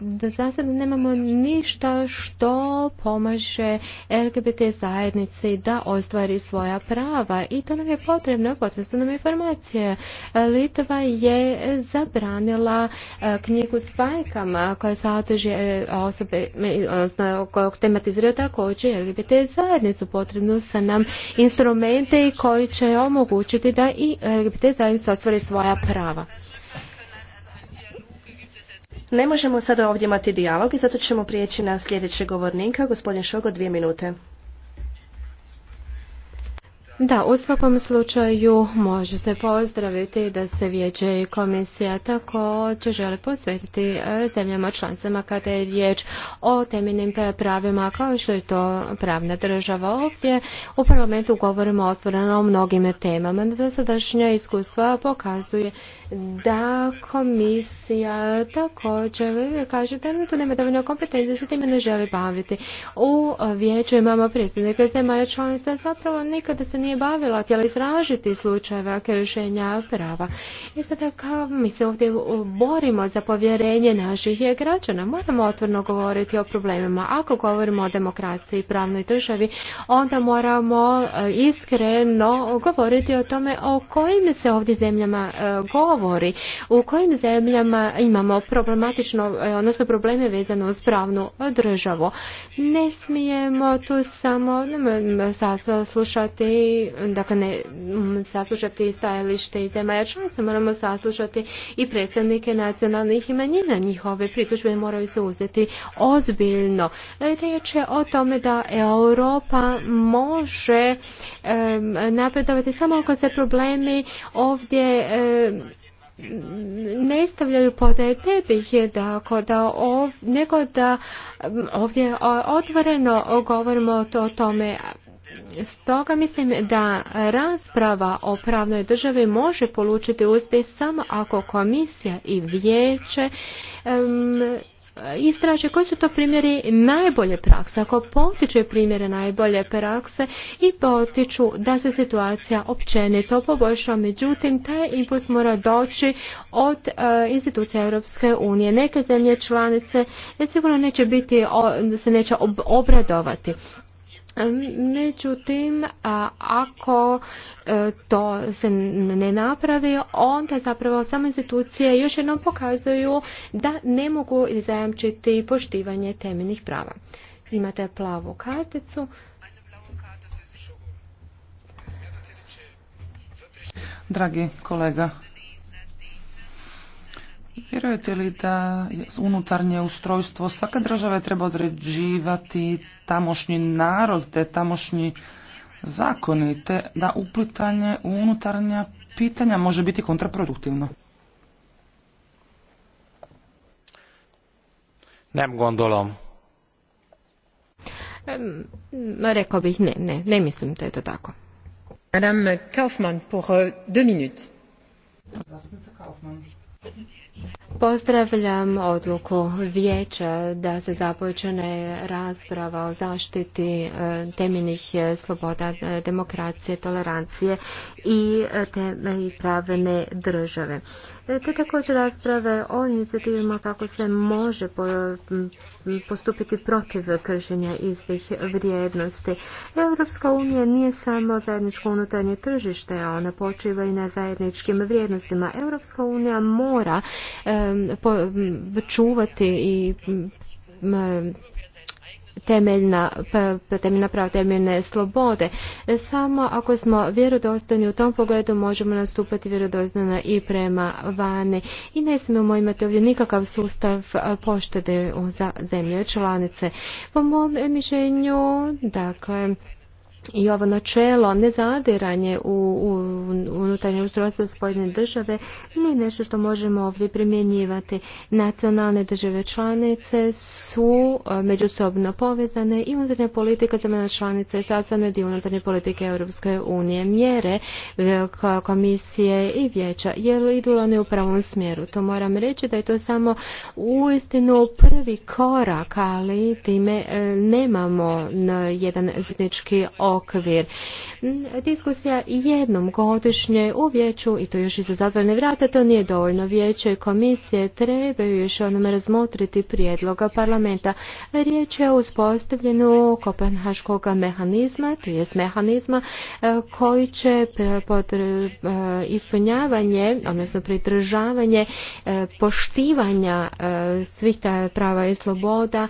Da zasad nemamo ništa što pomaže LGBT zajednici da ostvari svoja prava i to nam je potrebno, potrebno su nam informacije. Litva je zabranila knjigu bajkama koje sadrže e, osobe, odnosno tematiziraju također LGBT zajednicu. Potrebno su nam instrumente koji će omogućiti da i LGBT zajednicu ostvari svoja prava. Ne možemo sada ovdje imati dijalog i zato ćemo prijeći na sljedećeg govornika, gospodin Šogo, dvije minute. Da, u svakom slučaju može se pozdraviti da se vijeće i komisija također žele posvetiti e, zemljama članicama kada je riječ o temeljnim pravima kao što je to pravna država ovdje. U parlamentu govorimo otvoreno o mnogim temama. Dosadašnja iskustva pokazuje da komisija također kaže da tu nema dovoljno kompetencije, se time ne želi baviti. U vijeću imamo predstavnika zemlja članica, zapravo nikada se nije nije bavila, htjela izražiti slučajeva kršenja prava. I sada mi se ovdje borimo za povjerenje naših građana, moramo otvorno govoriti o problemima. Ako govorimo o demokraciji i pravnoj državi, onda moramo e, iskreno govoriti o tome o kojim se ovdje zemljama e, govori, u kojim zemljama imamo problematično, e, odnosno probleme vezano uz pravnu državu. Ne smijemo tu samo saslušati dakle ne saslušati stajalište i zemalja članica, moramo saslušati i predstavnike nacionalnih imenjina. Njihove pritužbe moraju se uzeti ozbiljno. Riječ je o tome da Europa može napredovati samo ako se problemi ovdje ne stavljaju pod je da nego da ovdje otvoreno govorimo o tome Stoga mislim da rasprava o pravnoj državi može polučiti uspjeh samo ako komisija i vijeće istraže koji su to primjeri najbolje prakse, ako potiče primjere najbolje prakse i potiču da se situacija općenito poboljša. Međutim, taj impuls mora doći od e, institucija Europske unije. Neke zemlje članice sigurno neće biti, se neće obradovati Međutim, ako e, to se ne napravi, onda zapravo samo institucije još jednom pokazuju da ne mogu izajamčiti poštivanje temeljnih prava. Imate plavu karticu. Dragi kolega Vjerujete li da unutarnje ustrojstvo svake države treba određivati tamošnji narod te tamošnji zakoni te da uplitanje u unutarnja pitanja može biti kontraproduktivno? Nem gondolom. Rekao bih ne, ne, ne mislim da je to tako. Madame Kaufmann pour euh, deux minutes. Pozdravljam odluku vijeća da se započne rasprava o zaštiti e, temeljnih e, sloboda, e, demokracije, tolerancije i pravne države. E, te također rasprave o inicijativima kako se može postupiti protiv kršenja istih vrijednosti. Europska unija nije samo zajedničko unutarnje tržište, ona počiva i na zajedničkim vrijednostima. Europska unija mora čuvati i temeljna, pa, pa temeljna prava, temeljne slobode. Samo ako smo vjerodostojni u tom pogledu možemo nastupati vjerodostojno i prema vani. I ne smijemo imati ovdje nikakav sustav poštede za zemlje članice. Po mom mišljenju, dakle, i ovo načelo nezadiranje u, u unutarnje ustrojstvo spojene države nije nešto što možemo ovdje primjenjivati. Nacionalne države članice su e, međusobno povezane i unutarnja politika zemljena članica je sastavna dio unutarnje politike Europske unije. Mjere e, komisije i vijeća je idu one u pravom smjeru. To moram reći da je to samo uistinu prvi korak, ali time e, nemamo jedan zetnički okvir. Mm, Diskusija jednom godišnje u vijeću i to još i za vrata, to nije dovoljno. Vijeće i komisije trebaju još onome razmotriti prijedloga parlamenta. Riječ je o uspostavljenu kopenhaškog mehanizma, to mehanizma e, koji će pod e, ispunjavanje, odnosno pridržavanje e, poštivanja svih prava i sloboda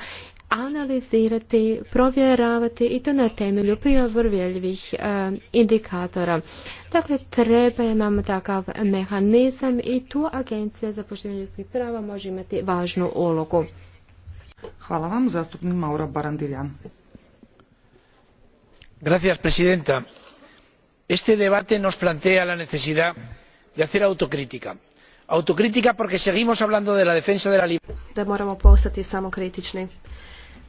analizirati, provjeravati i to na temelju prijavljivih e, indikatora. Dakle, treba je nam takav mehanizam i tu Agencija za poštivanje ljudskih prava može imati važnu ulogu. Hvala vam, zastupnik Maura Barandiljan. Gracias, presidenta. Este debate nos plantea la necesidad de hacer autocrítica. Autocrítica porque seguimos hablando de la defensa de la libertad. Da moramo postati samokritični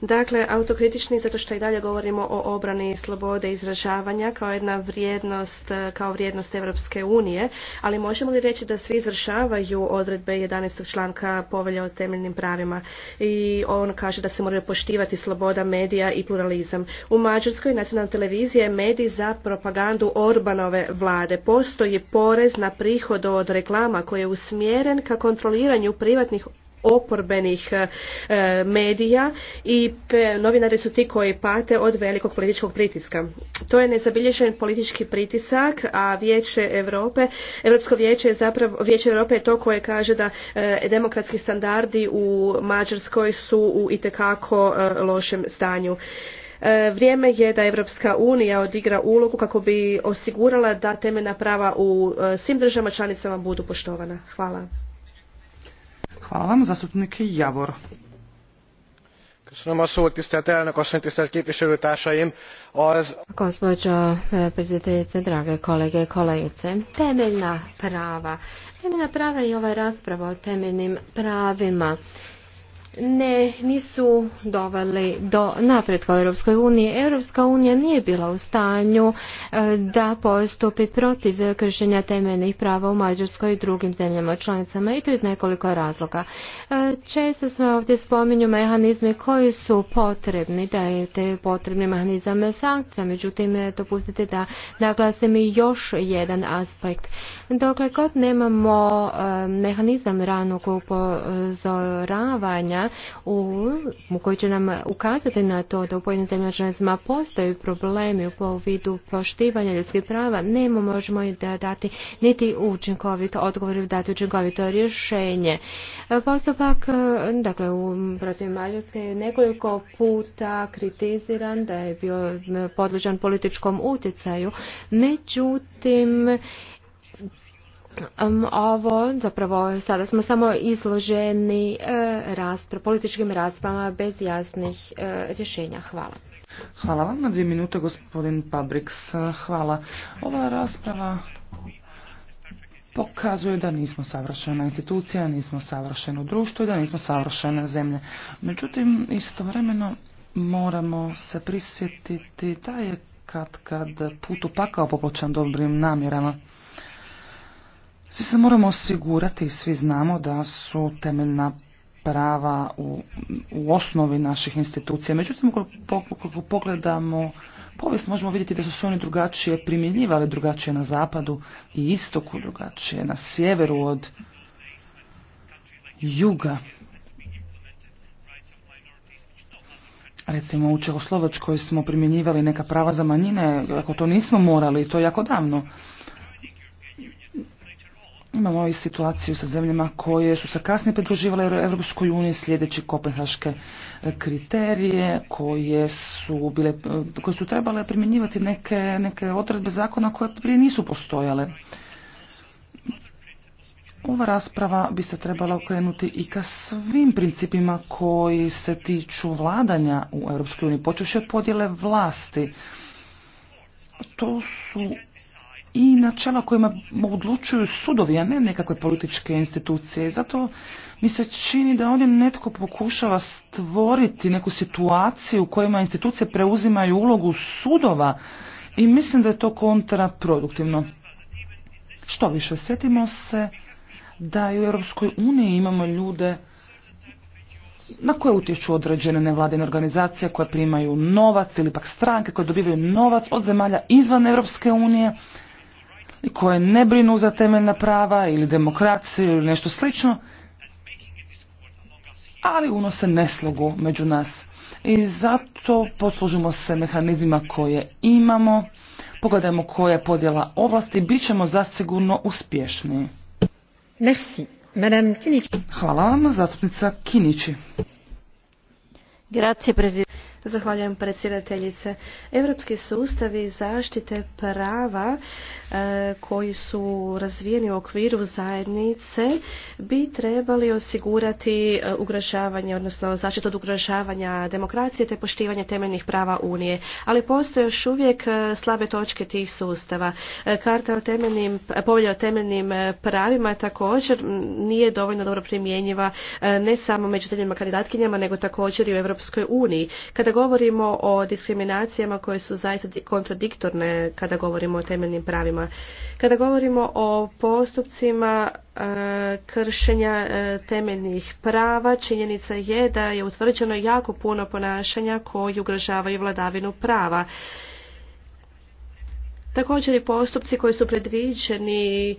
Dakle, autokritični zato što i dalje govorimo o obrani slobode izražavanja kao jedna vrijednost, kao vrijednost Europske unije, ali možemo li reći da svi izvršavaju odredbe 11. članka povelja o temeljnim pravima i on kaže da se moraju poštivati sloboda medija i pluralizam. U Mađarskoj nacionalna televizija je medij za propagandu Orbanove vlade. Postoji porez na prihod od reklama koji je usmjeren ka kontroliranju privatnih oporbenih e, medija i novinari su ti koji pate od velikog političkog pritiska. To je nezabilježen politički pritisak, a Vijeće Europe, Europsko vijeće je zapravo, Vijeće Europe je to koje kaže da e, demokratski standardi u Mađarskoj su u itekako e, lošem stanju. Vrijeme je da Europska unija odigra ulogu kako bi osigurala da temeljna prava u svim državama članicama budu poštovana. Hvala. Hvala vam, zastupnik Gospođo eh, predsjednice drage kolege i kolegice, temeljna prava. Temeljna prava i ova rasprava o temeljnim pravima ne, nisu doveli do napretka u Europskoj uniji. Europska unija nije bila u stanju e, da postupi protiv kršenja temeljnih prava u Mađarskoj i drugim zemljama članicama i to iz nekoliko razloga. E, često smo ovdje spominju mehanizme koji su potrebni, da je te potrebni mehanizame sankcija, međutim e, dopustite da naglasim još jedan aspekt. Dokle god nemamo mehanizam ranog upozoravanja u, u koji će nam ukazati na to da u pojedinim zemljama članicama postoje problemi u povidu poštivanja ljudskih prava, ne možemo da dati niti učinkovito odgovor ili dati učinkovito rješenje. E, postupak, e, dakle, u protiv Maljuske je nekoliko puta kritiziran da je bio podložan političkom utjecaju, međutim, ovo, zapravo sada smo samo izloženi e, raspra, političkim raspravama bez jasnih e, rješenja. Hvala. Hvala vam na dvije minute, gospodin Pabriks. Hvala. Ova rasprava pokazuje da nismo savršena institucija, nismo savršeno društvo i da nismo savršene zemlje. Međutim, istovremeno moramo se prisjetiti da je kad kad put upakao popločan dobrim namjerama. Svi se moramo osigurati i svi znamo da su temeljna prava u, u osnovi naših institucija. Međutim, ukoliko pogledamo povijest, možemo vidjeti da su se oni drugačije primjenjivali, drugačije na zapadu i istoku, drugačije na sjeveru od juga. Recimo u Čehoslovačkoj smo primjenjivali neka prava za manjine, ako to nismo morali, to jako davno. Imamo i situaciju sa zemljama koje su se kasnije pridruživale Europskoj uniji sljedeći kopenhaške e, kriterije koje su, bile, e, koje su trebale primjenjivati neke, neke odredbe zakona koje prije nisu postojale. Ova rasprava bi se trebala okrenuti i ka svim principima koji se tiču vladanja u Europskoj uniji, počevši od podjele vlasti. To su i načela kojima odlučuju sudovi, a ne nekakve političke institucije. zato mi se čini da ovdje netko pokušava stvoriti neku situaciju u kojima institucije preuzimaju ulogu sudova i mislim da je to kontraproduktivno. Što više, sjetimo se da i u Europskoj uniji imamo ljude na koje utječu određene nevladine organizacije koje primaju novac ili pak stranke koje dobivaju novac od zemalja izvan Europske unije koje ne brinu za temeljna prava ili demokraciju ili nešto slično, ali unose neslogu među nas. I zato poslužimo se mehanizmima koje imamo, pogledajmo koja je podjela ovlasti i bit ćemo zasigurno uspješniji. Merci. Hvala vam, zastupnica Kinići. Grazie, Zahvaljujem predsjedateljice. Europski sustavi zaštite prava e, koji su razvijeni u okviru zajednice bi trebali osigurati e, ugrožavanje, odnosno zaštitu od ugrožavanja demokracije te poštivanje temeljnih prava Unije. Ali postoje još uvijek e, slabe točke tih sustava. Karta o temeljnim, o temeljnim pravima također nije dovoljno dobro primjenjiva ne samo među kandidatkinjama, nego također i u Europskoj uniji. Kada govorimo o diskriminacijama koje su zaista kontradiktorne kada govorimo o temeljnim pravima, kada govorimo o postupcima e, kršenja e, temeljnih prava, činjenica je da je utvrđeno jako puno ponašanja koji ugrožavaju vladavinu prava. Također i postupci koji su predviđeni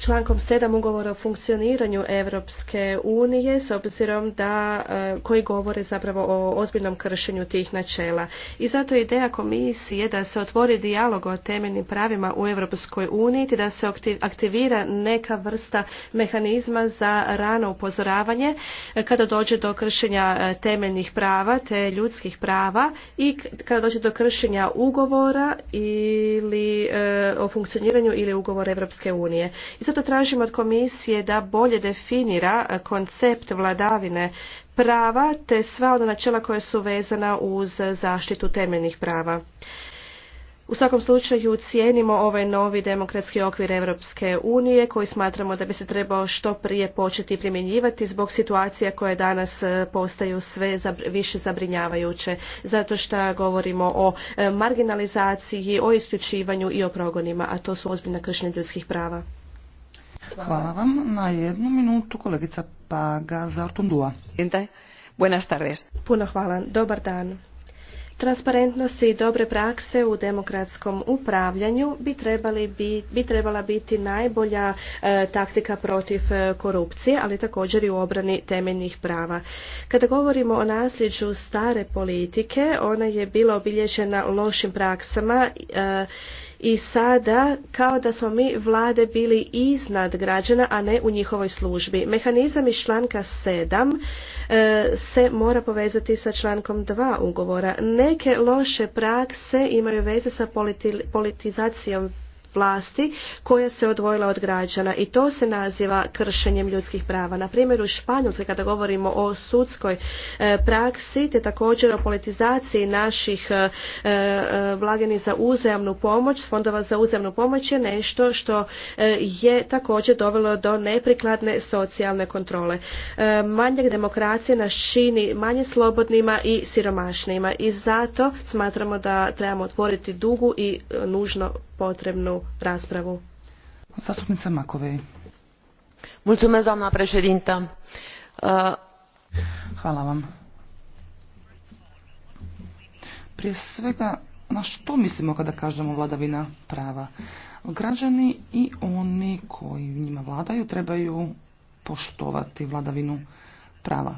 člankom 7 ugovora o funkcioniranju Europske unije s obzirom da e, koji govore zapravo o ozbiljnom kršenju tih načela. I zato je ideja komisije da se otvori dijalog o temeljnim pravima u Europskoj uniji te da se aktivira neka vrsta mehanizma za rano upozoravanje e, kada dođe do kršenja e, temeljnih prava te ljudskih prava i kada dođe do kršenja ugovora ili o funkcioniranju ili ugovora Europske unije. Zato tražimo od komisije da bolje definira koncept vladavine prava te sva ona načela koja su vezana uz zaštitu temeljnih prava. U svakom slučaju cijenimo ovaj novi demokratski okvir Europske unije koji smatramo da bi se trebao što prije početi primjenjivati zbog situacija koje danas postaju sve više zabrinjavajuće zato što govorimo o e, marginalizaciji, o isključivanju i o progonima, a to su ozbiljna kršenja ljudskih prava. Hvala vam. Na jednu minutu kolegica Paga Buenas tardes. Puno hvala. Dobar dan. Transparentnost i dobre prakse u demokratskom upravljanju bi, bi, bi trebala biti najbolja e, taktika protiv e, korupcije, ali također i u obrani temeljnih prava. Kada govorimo o nasljeđu stare politike, ona je bila obilježena lošim praksama e, i sada kao da smo mi vlade bili iznad građana, a ne u njihovoj službi. Mehanizam iz članka 7 e, se mora povezati sa člankom 2 ugovora. Neke loše prakse imaju veze sa politizacijom vlasti koja se odvojila od građana i to se naziva kršenjem ljudskih prava. Na primjer u Španjolskoj kada govorimo o sudskoj e, praksi te također o politizaciji naših e, e, vlageni za uzajamnu pomoć, fondova za uzajamnu pomoć je nešto što je također dovelo do neprikladne socijalne kontrole. Manjak demokracije nas čini manje slobodnima i siromašnijima i zato smatramo da trebamo otvoriti dugu i nužno potrebnu raspravu. Zastupnica Makovej. Mulțumesc, doamna președintă. Uh, Hvala vam. Prije svega, na što mislimo kada kažemo vladavina prava? Građani i oni koji njima vladaju trebaju poštovati vladavinu prava.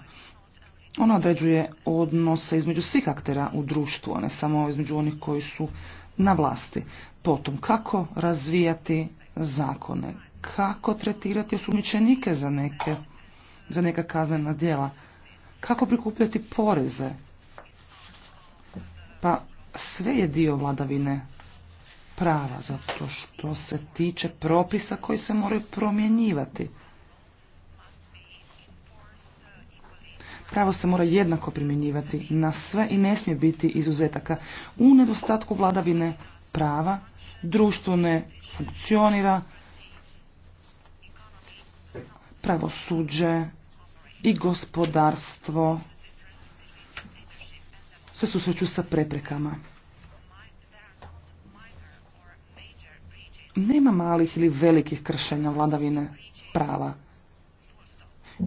Ona određuje odnose između svih aktera u društvu, a ne samo između onih koji su na vlasti. Potom, kako razvijati zakone, kako tretirati osumničenike za neke, za neka kaznena djela, kako prikupljati poreze. Pa sve je dio vladavine prava, zato što se tiče propisa koji se moraju promjenjivati. Pravo se mora jednako primjenjivati na sve i ne smije biti izuzetaka. U nedostatku vladavine prava društvo ne funkcionira, pravosuđe i gospodarstvo se susreću sa preprekama. Nema malih ili velikih kršenja vladavine prava.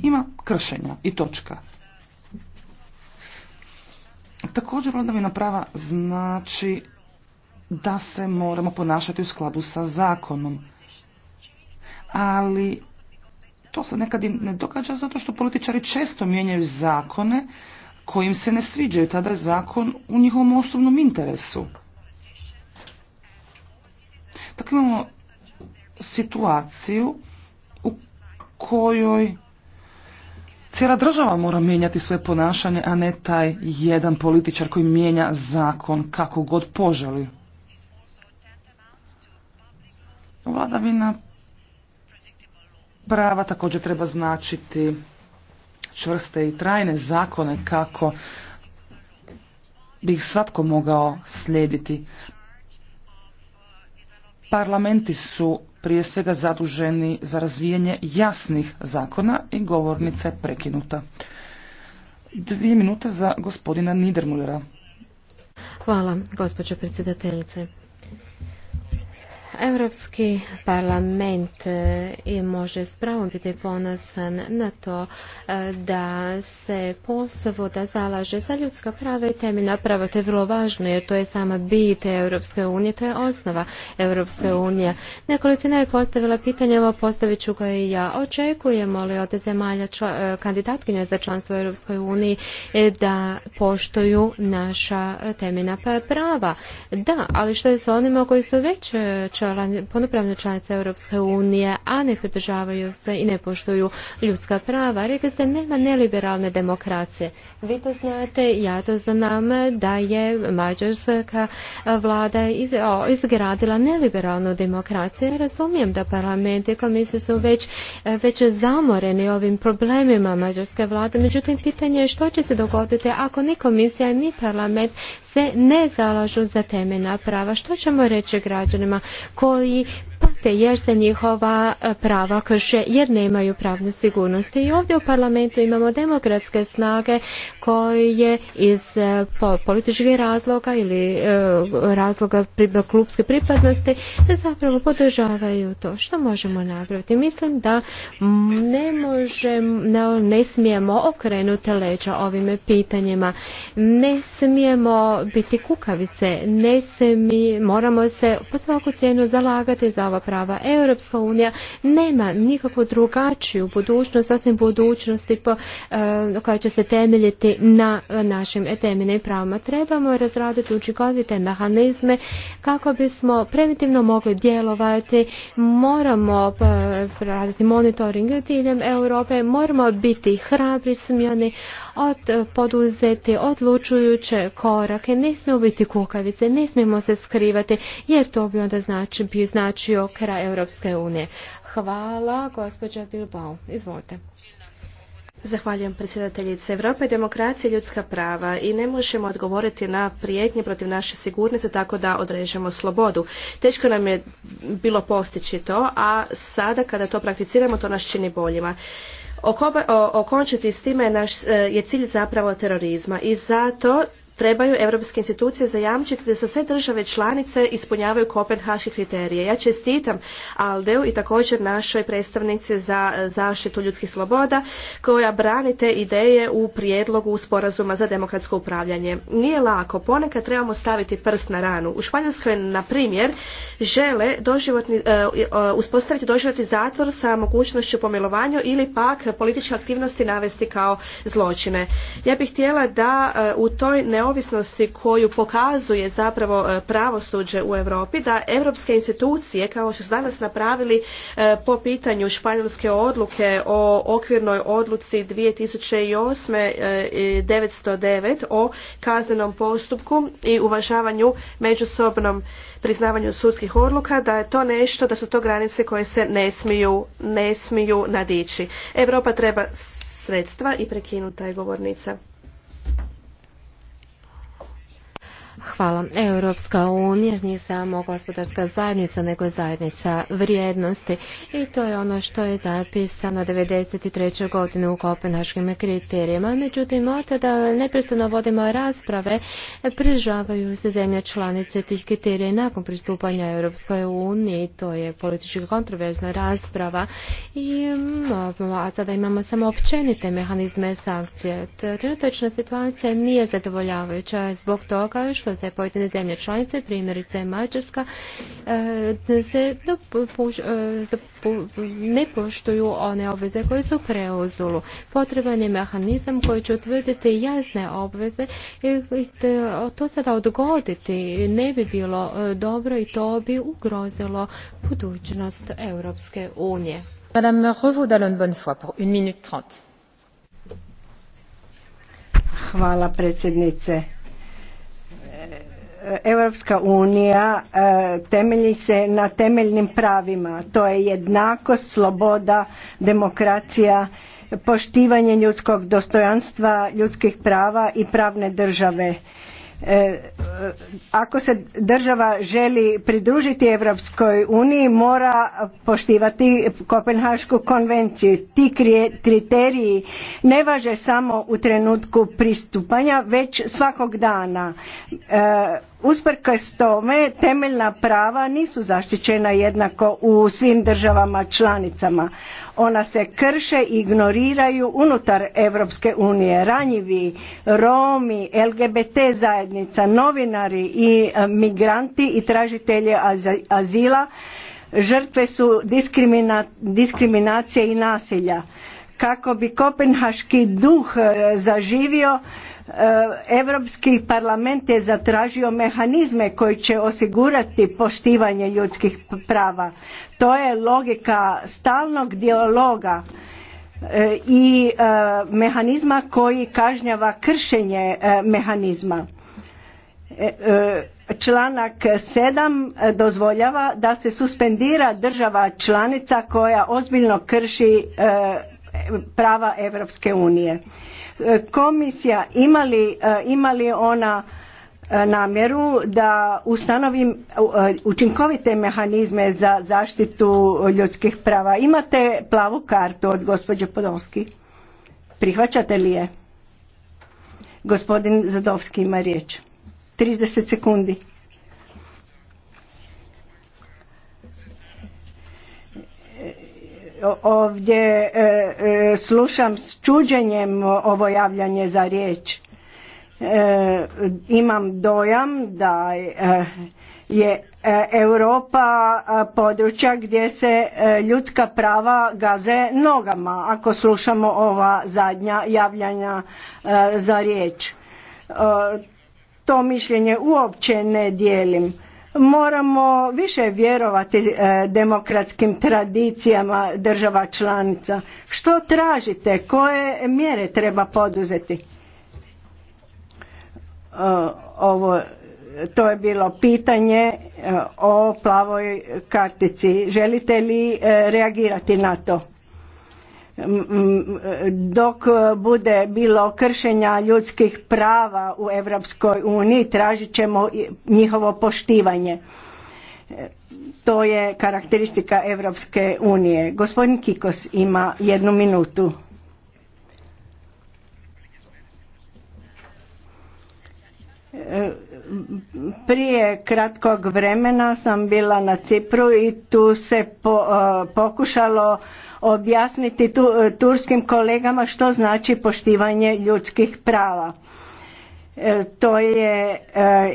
Ima kršenja i točka. Također vladavina prava znači da se moramo ponašati u skladu sa zakonom. Ali to se nekad i ne događa zato što političari često mijenjaju zakone kojim se ne sviđaju. Tada je zakon u njihovom osobnom interesu. Tako imamo situaciju u kojoj Cijela država mora mijenjati svoje ponašanje, a ne taj jedan političar koji mijenja zakon kako god poželi. Vladavina prava također treba značiti čvrste i trajne zakone kako bi ih svatko mogao slijediti. Parlamenti su prije svega zaduženi za razvijenje jasnih zakona i govornica prekinuta. Dvije minute za gospodina Niedermullera. Hvala, gospođo predsjedateljice. Europski parlament e, i može s pravom biti ponosan na to e, da se posao da zalaže za ljudska prava i temeljna prava. To je vrlo važno jer to je sama bit Europske unije, to je osnova Europske unije. Nekolicina je postavila pitanje, ovo postavit ću ga i ja. Očekujemo li od zemalja e, kandidatkinja za članstvo u Europskoj uniji da poštuju naša temeljna prava? Da, ali što je s onima koji su već član punopravna članica Europske unije, a ne pridržavaju se i ne poštuju ljudska prava. Rekli ste, nema neliberalne demokracije. Vi to znate, ja to znam, da je mađarska vlada izgradila neliberalnu demokraciju. Ja razumijem da parlament i komisije su već, već zamoreni ovim problemima mađarske vlade. Međutim, pitanje je što će se dogoditi ako ni komisija ni parlament se ne zalažu za temena prava. Što ćemo reći građanima koji jer se njihova e, prava krše jer nemaju pravne sigurnosti. I ovdje u parlamentu imamo demokratske snage koje iz e, političkih razloga ili e, razloga klubske pripadnosti zapravo podržavaju to. Što možemo napraviti? Mislim da ne možemo, ne smijemo okrenuti leđa ovime pitanjima. Ne smijemo biti kukavice, ne smijemo, moramo se po svaku cijenu zalagati za ova prava. Europska unija nema nikakvu drugačiju budućnost, osim budućnosti po, eh, koja će se temeljiti na našim temeljnim pravima. Trebamo razraditi učinkovite mehanizme kako bismo preventivno mogli djelovati, moramo eh, raditi monitoring diljem Europe, moramo biti hrabri smjeni, od eh, poduzeti odlučujuće korake, ne smijemo biti kukavice, ne smijemo se skrivati jer to bi onda znači, bi značio kraj Europske unije. Hvala, gospođa Bilbao. Izvolite. Zahvaljujem predsjedateljice. Europa je demokracija i ljudska prava i ne možemo odgovoriti na prijetnje protiv naše sigurnosti tako da odrežemo slobodu. Teško nam je bilo postići to, a sada kada to prakticiramo to nas čini boljima. okončiti s time e, je cilj zapravo terorizma i zato trebaju europske institucije zajamčiti da se sve države članice ispunjavaju kopenhaški kriterije. Ja čestitam Aldeu i također našoj predstavnici za e, zaštitu ljudskih sloboda koja brani te ideje u prijedlogu sporazuma za demokratsko upravljanje. Nije lako, ponekad trebamo staviti prst na ranu. U Španjolskoj, na primjer, žele doživotni, e, e, uspostaviti doživotni zatvor sa mogućnošću pomilovanja ili pak političke aktivnosti navesti kao zločine. Ja bih htjela da u toj neovisnosti koju pokazuje zapravo e, pravosuđe u Europi, da europske institucije kao što su danas napravili e, po pitanju španjolske odluke o okvirnoj odluci 2008. 909 e, o kaznenom postupku i uvažavanju međusobnom priznavanju sudskih odluka, da je to nešto, da su to granice koje se ne smiju, ne smiju nadići. Europa treba sredstva i prekinuta je govornica. Hvala. Europska unija nije samo gospodarska zajednica, nego zajednica vrijednosti i to je ono što je zapisano 1993. godine u kopenhaškim kriterijima. Međutim, od tada neprestano vodimo rasprave, prižavaju se zemlje članice tih kriterija nakon pristupanja Europskoj uniji, to je politički kontroverzna rasprava i a sada imamo samo općenite mehanizme sankcije. Trenutačna situacija nije zadovoljavajuća zbog toga što zato pojedine zemlje članice, primjerice Mađarska, e, se e, ne poštuju one obveze koje su preuzulu. Potreban je mehanizam koji će utvrditi jasne obveze i to sada odgoditi ne bi bilo e, dobro i to bi ugrozilo budućnost Europske unije. Madame Hvala predsjednice. Europska unija e, temelji se na temeljnim pravima. To je jednakost, sloboda, demokracija, poštivanje ljudskog dostojanstva, ljudskih prava i pravne države E, e, ako se država želi pridružiti Europskoj uniji mora poštivati Kopenhašku konvenciju. Ti kriteriji ne važe samo u trenutku pristupanja već svakog dana. E, usprkos tome temeljna prava nisu zaštićena jednako u svim državama članicama. Ona se krše i ignoriraju unutar Europske unije. Ranjivi, Romi, LGBT zajednica, novinari i e, migranti i tražitelji azila žrtve su diskriminacije i nasilja. Kako bi kopenhaški duh e, zaživio Europski eh, parlament je zatražio mehanizme koji će osigurati poštivanje ljudskih prava. To je logika stalnog dijaloga eh, i eh, mehanizma koji kažnjava kršenje mehanizma. Članak 7 dozvoljava da se suspendira država članica koja ozbiljno krši prava Europske unije E, komisija imali, e, li ona e, namjeru da ustanovi učinkovite mehanizme za zaštitu ljudskih prava. Imate plavu kartu od gospođe Podolski. Prihvaćate li je? Gospodin Zadovski ima riječ. 30 sekundi. ovdje e, e, slušam s čuđenjem ovo javljanje za riječ. E, imam dojam da je Europa područja gdje se ljudska prava gaze nogama ako slušamo ova zadnja javljanja za riječ. To mišljenje uopće ne dijelim moramo više vjerovati e, demokratskim tradicijama država članica. Što tražite? Koje mjere treba poduzeti? E, ovo, to je bilo pitanje e, o plavoj kartici. Želite li reagirati na to? dok bude bilo kršenja ljudskih prava u Europskoj uniji tražit ćemo njihovo poštivanje. To je karakteristika Europske unije. Gospodin Kikos ima jednu minutu. prije kratkog vremena sam bila na Cipru i tu se pokušalo objasniti e, turskim kolegama što znači poštivanje ljudskih prava. E, to je e,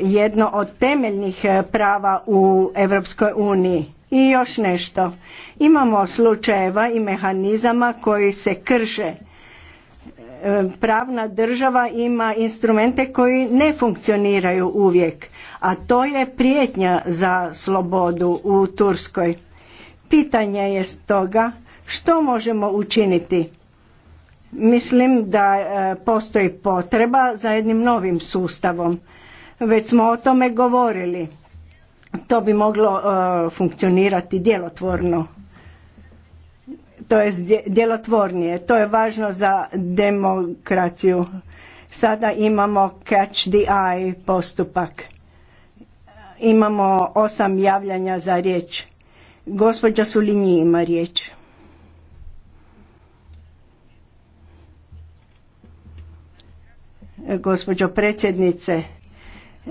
jedno od temeljnih prava u Europskoj uniji. I još nešto. Imamo slučajeva i mehanizama koji se krše. Pravna država ima instrumente koji ne funkcioniraju uvijek, a to je prijetnja za slobodu u Turskoj. Pitanje je stoga što možemo učiniti? Mislim da e, postoji potreba za jednim novim sustavom. Već smo o tome govorili. To bi moglo e, funkcionirati djelotvorno. To je djelotvornije. To je važno za demokraciju. Sada imamo catch the eye postupak. Imamo osam javljanja za riječ. Gospođa Sulinji ima riječ. gospođo predsjednice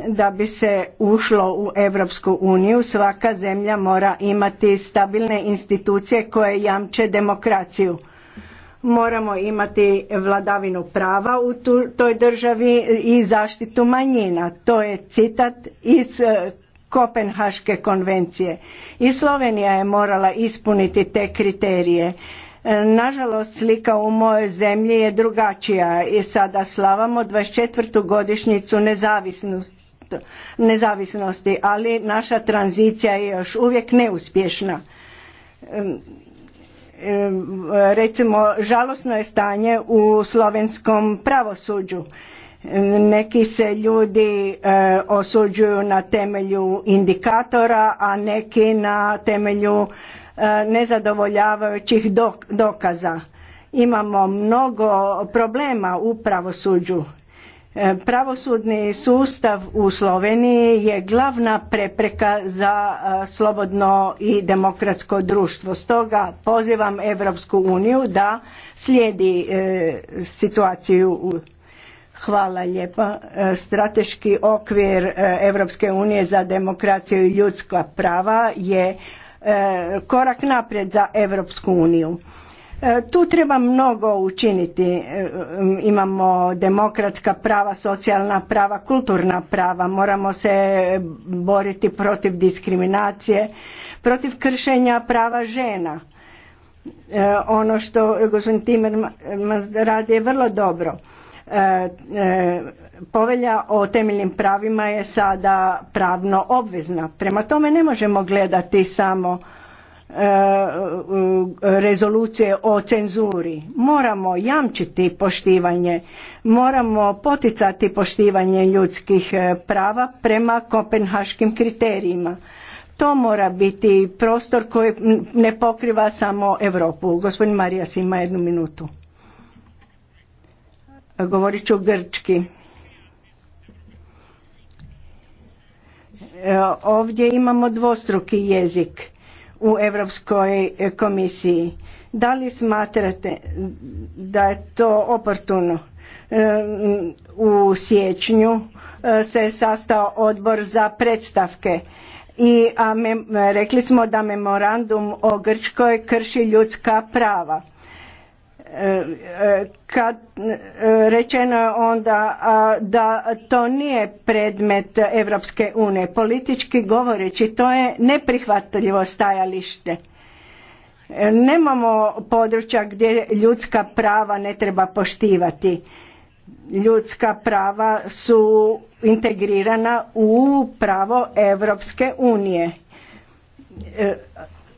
da bi se ušlo u Europsku uniju svaka zemlja mora imati stabilne institucije koje jamče demokraciju. Moramo imati vladavinu prava u toj državi i zaštitu manjina. To je citat iz e, Kopenhaške konvencije. I Slovenija je morala ispuniti te kriterije. Nažalost, slika u mojoj zemlji je drugačija i sada slavamo 24. godišnjicu nezavisnosti nezavisnosti, ali naša tranzicija je još uvijek neuspješna. Recimo, žalosno je stanje u slovenskom pravosuđu. Neki se ljudi e, osuđuju na temelju indikatora, a neki na temelju E, nezadovoljavajućih dokaza. Imamo mnogo problema u pravosuđu. E, pravosudni sustav u Sloveniji je glavna prepreka za e, slobodno i demokratsko društvo. Stoga pozivam Europsku uniju da slijedi situaciju u Hvala lijepa. Strateški okvir Europske unije za demokraciju i ljudska prava je E, korak naprijed za Europsku uniju. E, tu treba mnogo učiniti. E, imamo demokratska prava, socijalna prava, kulturna prava. Moramo se boriti protiv diskriminacije, protiv kršenja prava žena. Ono što gospodin Timmermans radi je vrlo dobro. Povelja o temeljnim pravima je sada pravno obvezna. Prema tome ne možemo gledati samo e, rezolucije o cenzuri. Moramo jamčiti poštivanje, moramo poticati poštivanje ljudskih e, prava prema kopenhaškim kriterijima. To mora biti prostor koji ne pokriva samo Europu. Gospodin Marijas ima jednu minutu. Govorit ću grčki. E, ovdje imamo dvostruki jezik u Europskoj komisiji. Da li smatrate da je to oportuno? E, u siječnju e, se sastao odbor za predstavke i rekli smo da memorandum o Grčkoj krši ljudska prava kad e, rečeno je onda da to nije predmet Europske unije politički govoreći to je neprihvatljivo stajalište nemamo područja gdje ljudska prava ne treba poštivati ljudska prava su integrirana u pravo Europske unije e,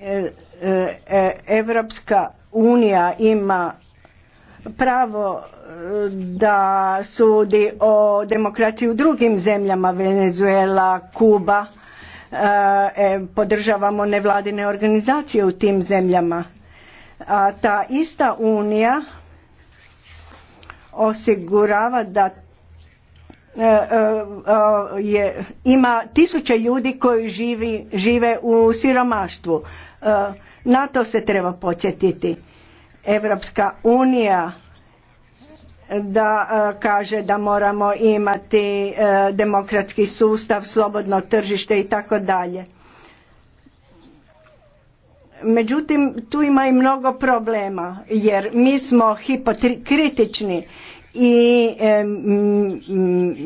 E, e, Evropska unija ima pravo e, da sudi o demokraciji u drugim zemljama Venezuela, Kuba podržavamo nevladine organizacije u tim zemljama a ta ista unija osigurava da E, e, e, je, ima tisuće ljudi koji živi, žive u siromaštvu. Na to se treba podsjetiti. Evropska unija da kaže da moramo imati demokratski sustav, slobodno tržište i tako dalje. Međutim, tu ima i mnogo problema jer mi smo hipokritični i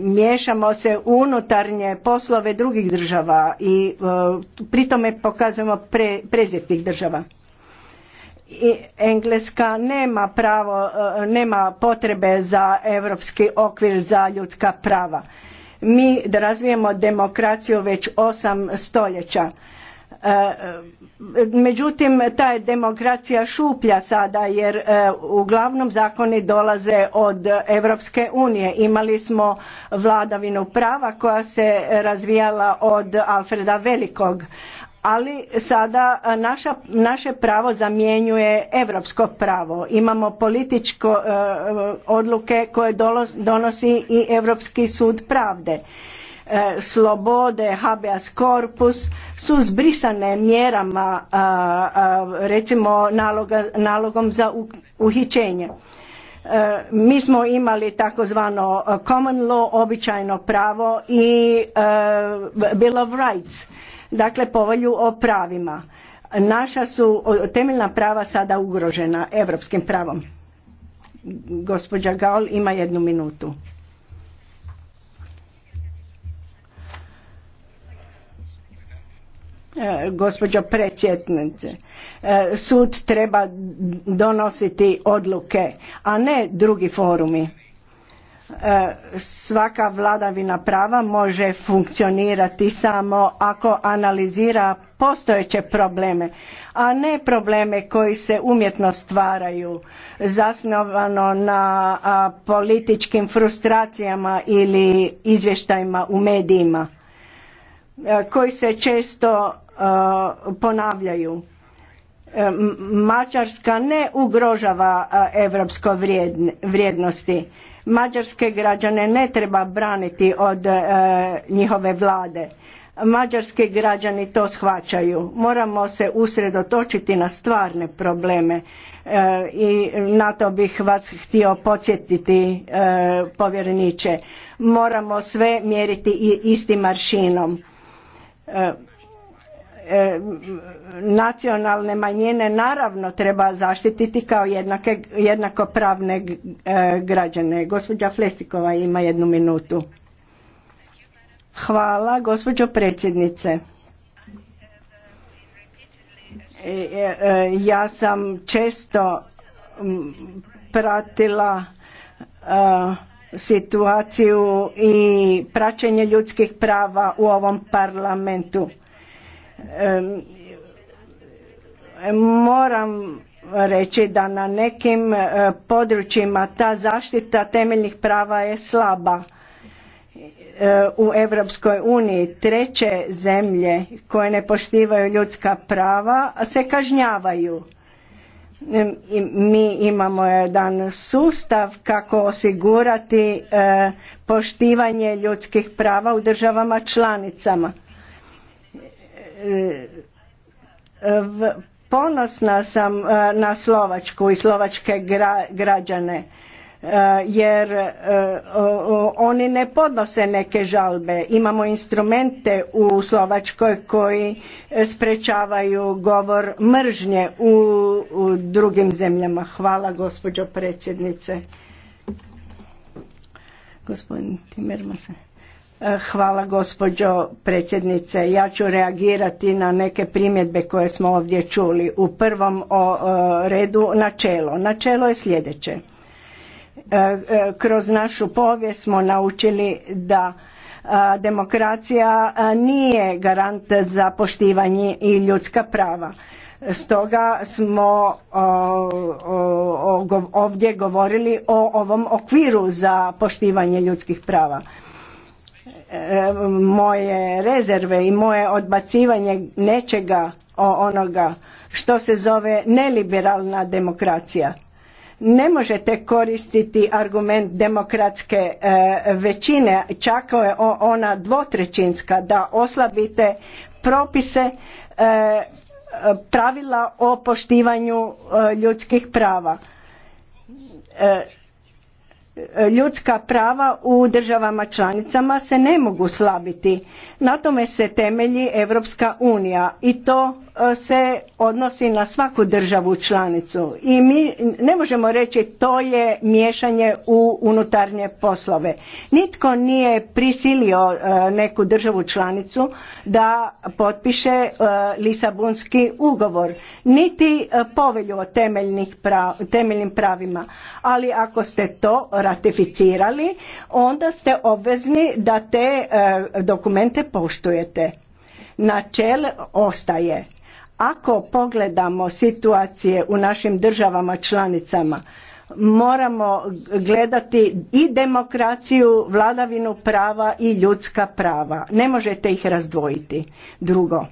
miješamo se u unutarnje poslove drugih država i e, pri tome pokazujemo pre, država. I Engleska nema pravo, e, nema potrebe za europski okvir za ljudska prava. Mi da razvijemo demokraciju već osam stoljeća Međutim, ta je demokracija šuplja sada jer e, uglavnom zakoni dolaze od Europske unije. Imali smo vladavinu prava koja se razvijala od Alfreda Velikog, ali sada naša, naše pravo zamjenjuje europsko pravo. Imamo političke odluke koje donosi i Europski sud pravde E, slobode, habeas corpus su zbrisane mjerama recimo nalogom za uhićenje. E, mi smo imali takozvano common law, običajno pravo i e, Bill of Rights, dakle povolju o pravima. Naša su temeljna prava sada ugrožena europskim pravom. Gospođa Gaul ima jednu minutu. E, gospođo predsjednice. E, sud treba donositi odluke, a ne drugi forumi. E, svaka vladavina prava može funkcionirati samo ako analizira postojeće probleme, a ne probleme koji se umjetno stvaraju, zasnovano na političkim frustracijama ili izvještajima u medijima E, koji se često e, ponavljaju. E, Mađarska ne ugrožava evropsko vrijednosti. Mađarske građane ne treba braniti od njihove vlade. Mađarski građani to shvaćaju. Moramo se usredotočiti na stvarne probleme i na to bih vas htio podsjetiti povjereniče. Moramo sve mjeriti istim maršinom E, e, nacionalne manjine naravno treba zaštititi kao jednakopravne e, građane. Gospođa Flestikova ima jednu minutu. Hvala gospođo predsjednice. Ja sam često pratila situaciju i praćenje ljudskih prava u ovom parlamentu. Moram reći da na nekim e, područjima ta zaštita temeljnih prava je slaba e, u Europskoj uniji treće zemlje koje ne poštivaju ljudska prava se kažnjavaju mi imamo jedan sustav kako osigurati e, poštivanje ljudskih prava u državama članicama. E, ponosna sam e, na Slovačku i slovačke građane Eh, jer eh, oni ne podnose neke žalbe. Imamo instrumente u Slovačkoj koji eh, sprečavaju govor mržnje u, drugim zemljama. Hvala gospođo predsjednice. Hvala gospođo predsjednice. Ja ću reagirati na neke primjedbe koje smo ovdje čuli. U prvom redu načelo. Načelo je sljedeće. E, e, kroz našu povijest smo naučili da e, demokracija nije garant za poštivanje i ljudska prava. Stoga smo ovdje govorili o ovom okviru za poštivanje ljudskih prava. Moje rezerve i moje odbacivanje nečega onoga što se zove neliberalna demokracija ne možete koristiti argument demokratske e, većine, čak je ona dvotrećinska, da oslabite propise e, pravila o poštivanju e, ljudskih prava ljudska prava u državama članicama se ne mogu slabiti. Na tome se temelji Europska unija i to E, se odnosi na svaku državu članicu i mi ne možemo reći to je miješanje u unutarnje poslove. Nitko nije prisilio e, neku državu članicu da potpiše e, Lisabonski ugovor, niti povelju o temeljnim pravima. Ali ako ste to ratificirali, onda ste obvezni da te dokumente poštujete. Načel ostaje ako pogledamo situacije u našim državama članicama, moramo gledati i demokraciju, vladavinu prava i ljudska prava. Ne možete ih razdvojiti. Drugo,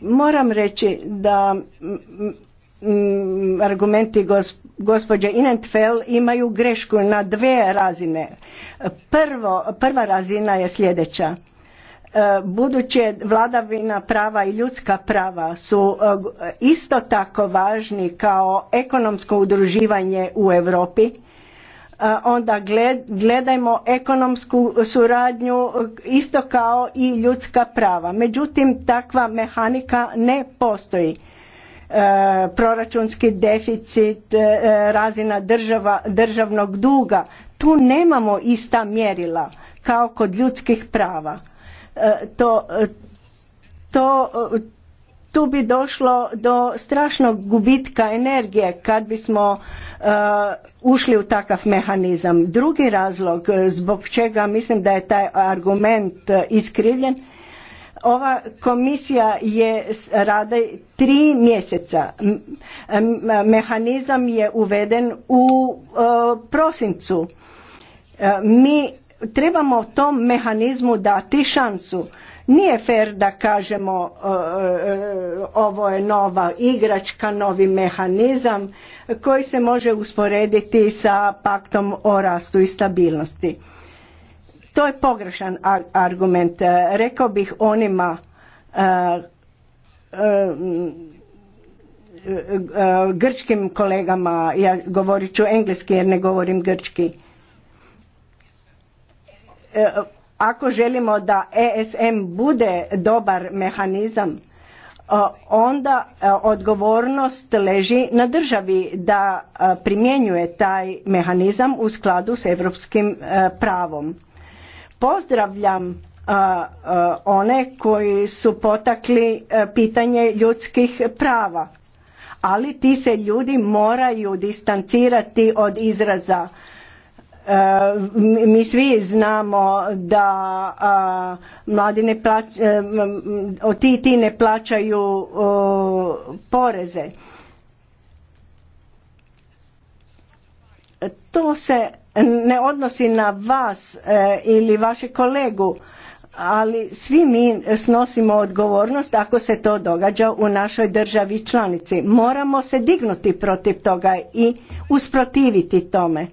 moram reći da argumenti gospođe Inentfel imaju grešku na dve razine. prva razina je sljedeća. E, buduće vladavina prava i ljudska prava su e, isto tako važni kao ekonomsko udruživanje u Europi e, onda gledajmo ekonomsku suradnju isto kao i ljudska prava. Međutim, takva mehanika ne postoji. proračunski deficit, razina državnog duga, tu nemamo ista mjerila kao kod ljudskih prava. E, to, e, to, e, tu bi došlo do strašnog gubitka energije kad bismo ušli u takav mehanizam. Drugi razlog zbog čega mislim da je taj argument iskrivljen, ova komisija je rada tri mjeseca. Mehanizam je uveden u prosincu. Mi Trebamo tom mehanizmu dati šansu. Nije fer da kažemo e, e, ovo je nova igračka, novi mehanizam koji se može usporediti sa paktom o rastu i stabilnosti. To je pogrešan argument. E, rekao bih onima grčkim kolegama, ja govorit ću engleski jer ne govorim grčki, E, ako želimo da ESM bude dobar mehanizam, e, onda e, odgovornost leži na državi da primjenjuje taj mehanizam u skladu s europskim pravom. Pozdravljam one koji su potakli pitanje ljudskih prava, ali ti se ljudi moraju distancirati od izraza mi svi znamo da mladi ne plaćaju, e, ti i ti ne plaćaju poreze. To se ne odnosi na vas e, ili vaše kolegu, ali svi mi snosimo odgovornost ako se to događa u našoj državi članici. Moramo se dignuti protiv toga i usprotiviti tome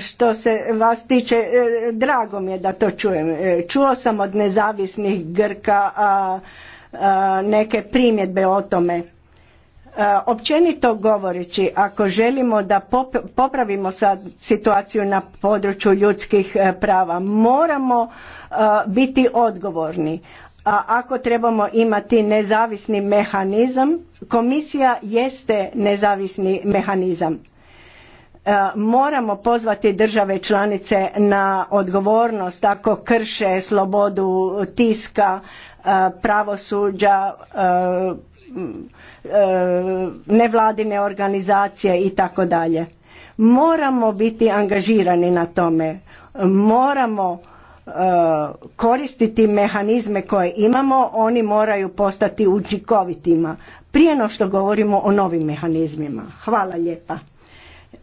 Što se vas tiče, e, drago mi je da to čujem. E, čuo sam od nezavisnih Grka a, neke primjedbe o tome. E, općenito govoreći, ako želimo da popravimo sad situaciju na području ljudskih prava, moramo biti odgovorni. A ako trebamo imati nezavisni mehanizam, komisija jeste nezavisni mehanizam E, moramo pozvati države članice na odgovornost ako krše slobodu tiska, e, pravosuđa, e, nevladine organizacije i tako dalje. Moramo biti angažirani na tome. Moramo koristiti mehanizme koje imamo, oni moraju postati učinkovitima. Prije no što govorimo o novim mehanizmima. Hvala lijepa.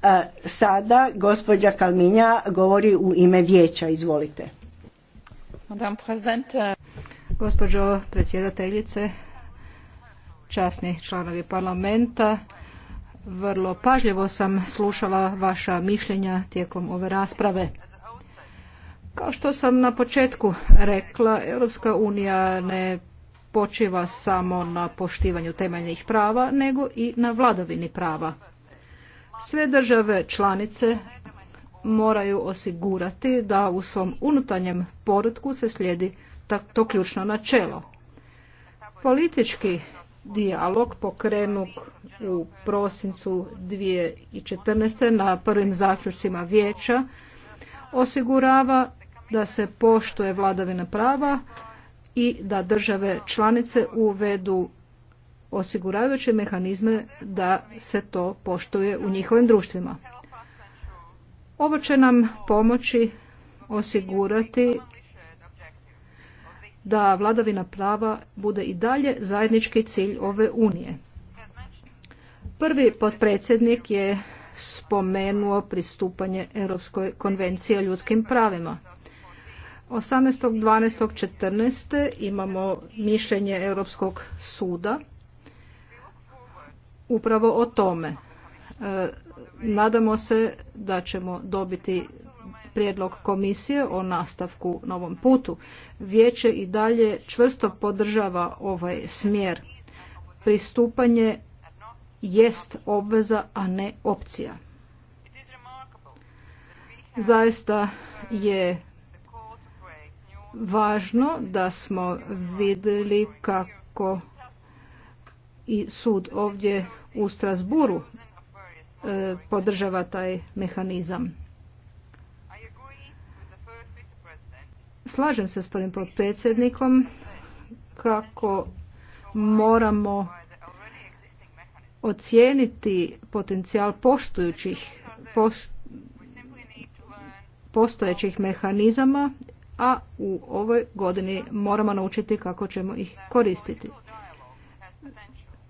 E, sada gospođa Kalminja govori u ime vijeća. Izvolite. Gospođo predsjedateljice, časni članovi parlamenta, vrlo pažljivo sam slušala vaša mišljenja tijekom ove rasprave. Kao što sam na početku rekla, Europska unija ne počiva samo na poštivanju temeljnih prava, nego i na vladavini prava. Sve države članice moraju osigurati da u svom unutarnjem poredku se slijedi to ključno načelo. Politički dijalog pokrenut u prosincu 2014. na prvim zaključcima vijeća osigurava da se poštuje vladavina prava i da države članice uvedu osiguravajuće mehanizme da se to poštuje u njihovim društvima. Ovo će nam pomoći osigurati da vladavina prava bude i dalje zajednički cilj ove unije. Prvi potpredsjednik je spomenuo pristupanje Europskoj konvenciji o ljudskim pravima. 18.12.14. imamo mišljenje Europskog suda upravo o tome. E, nadamo se da ćemo dobiti prijedlog komisije o nastavku na ovom putu. Vijeće i dalje čvrsto podržava ovaj smjer. Pristupanje jest obveza, a ne opcija. Zaista je važno da smo vidjeli kako i sud ovdje u Strasburu e, podržava taj mehanizam. Slažem se s prvim potpredsjednikom kako moramo ocijeniti potencijal postojećih postojećih mehanizama, a u ovoj godini moramo naučiti kako ćemo ih koristiti.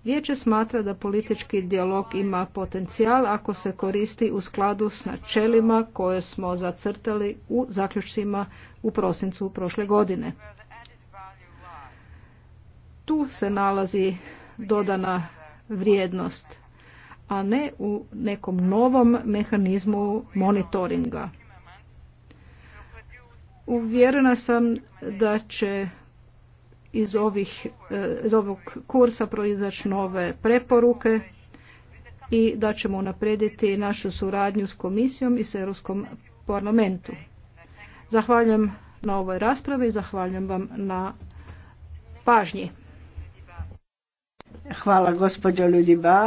Vijeće smatra da politički dijalog ima potencijal ako se koristi u skladu s načelima koje smo zacrtali u zaključcima u prosincu prošle godine. Tu se nalazi dodana vrijednost, a ne u nekom novom mehanizmu monitoringa. Uvjerena sam da će iz, ovih, e, iz ovog kursa proizaći nove preporuke i da ćemo unaprijediti našu suradnju s komisijom i s Europskom parlamentu. Zahvaljujem na ovoj raspravi i zahvaljujem vam na pažnji. Hvala gospođo Ljudiba.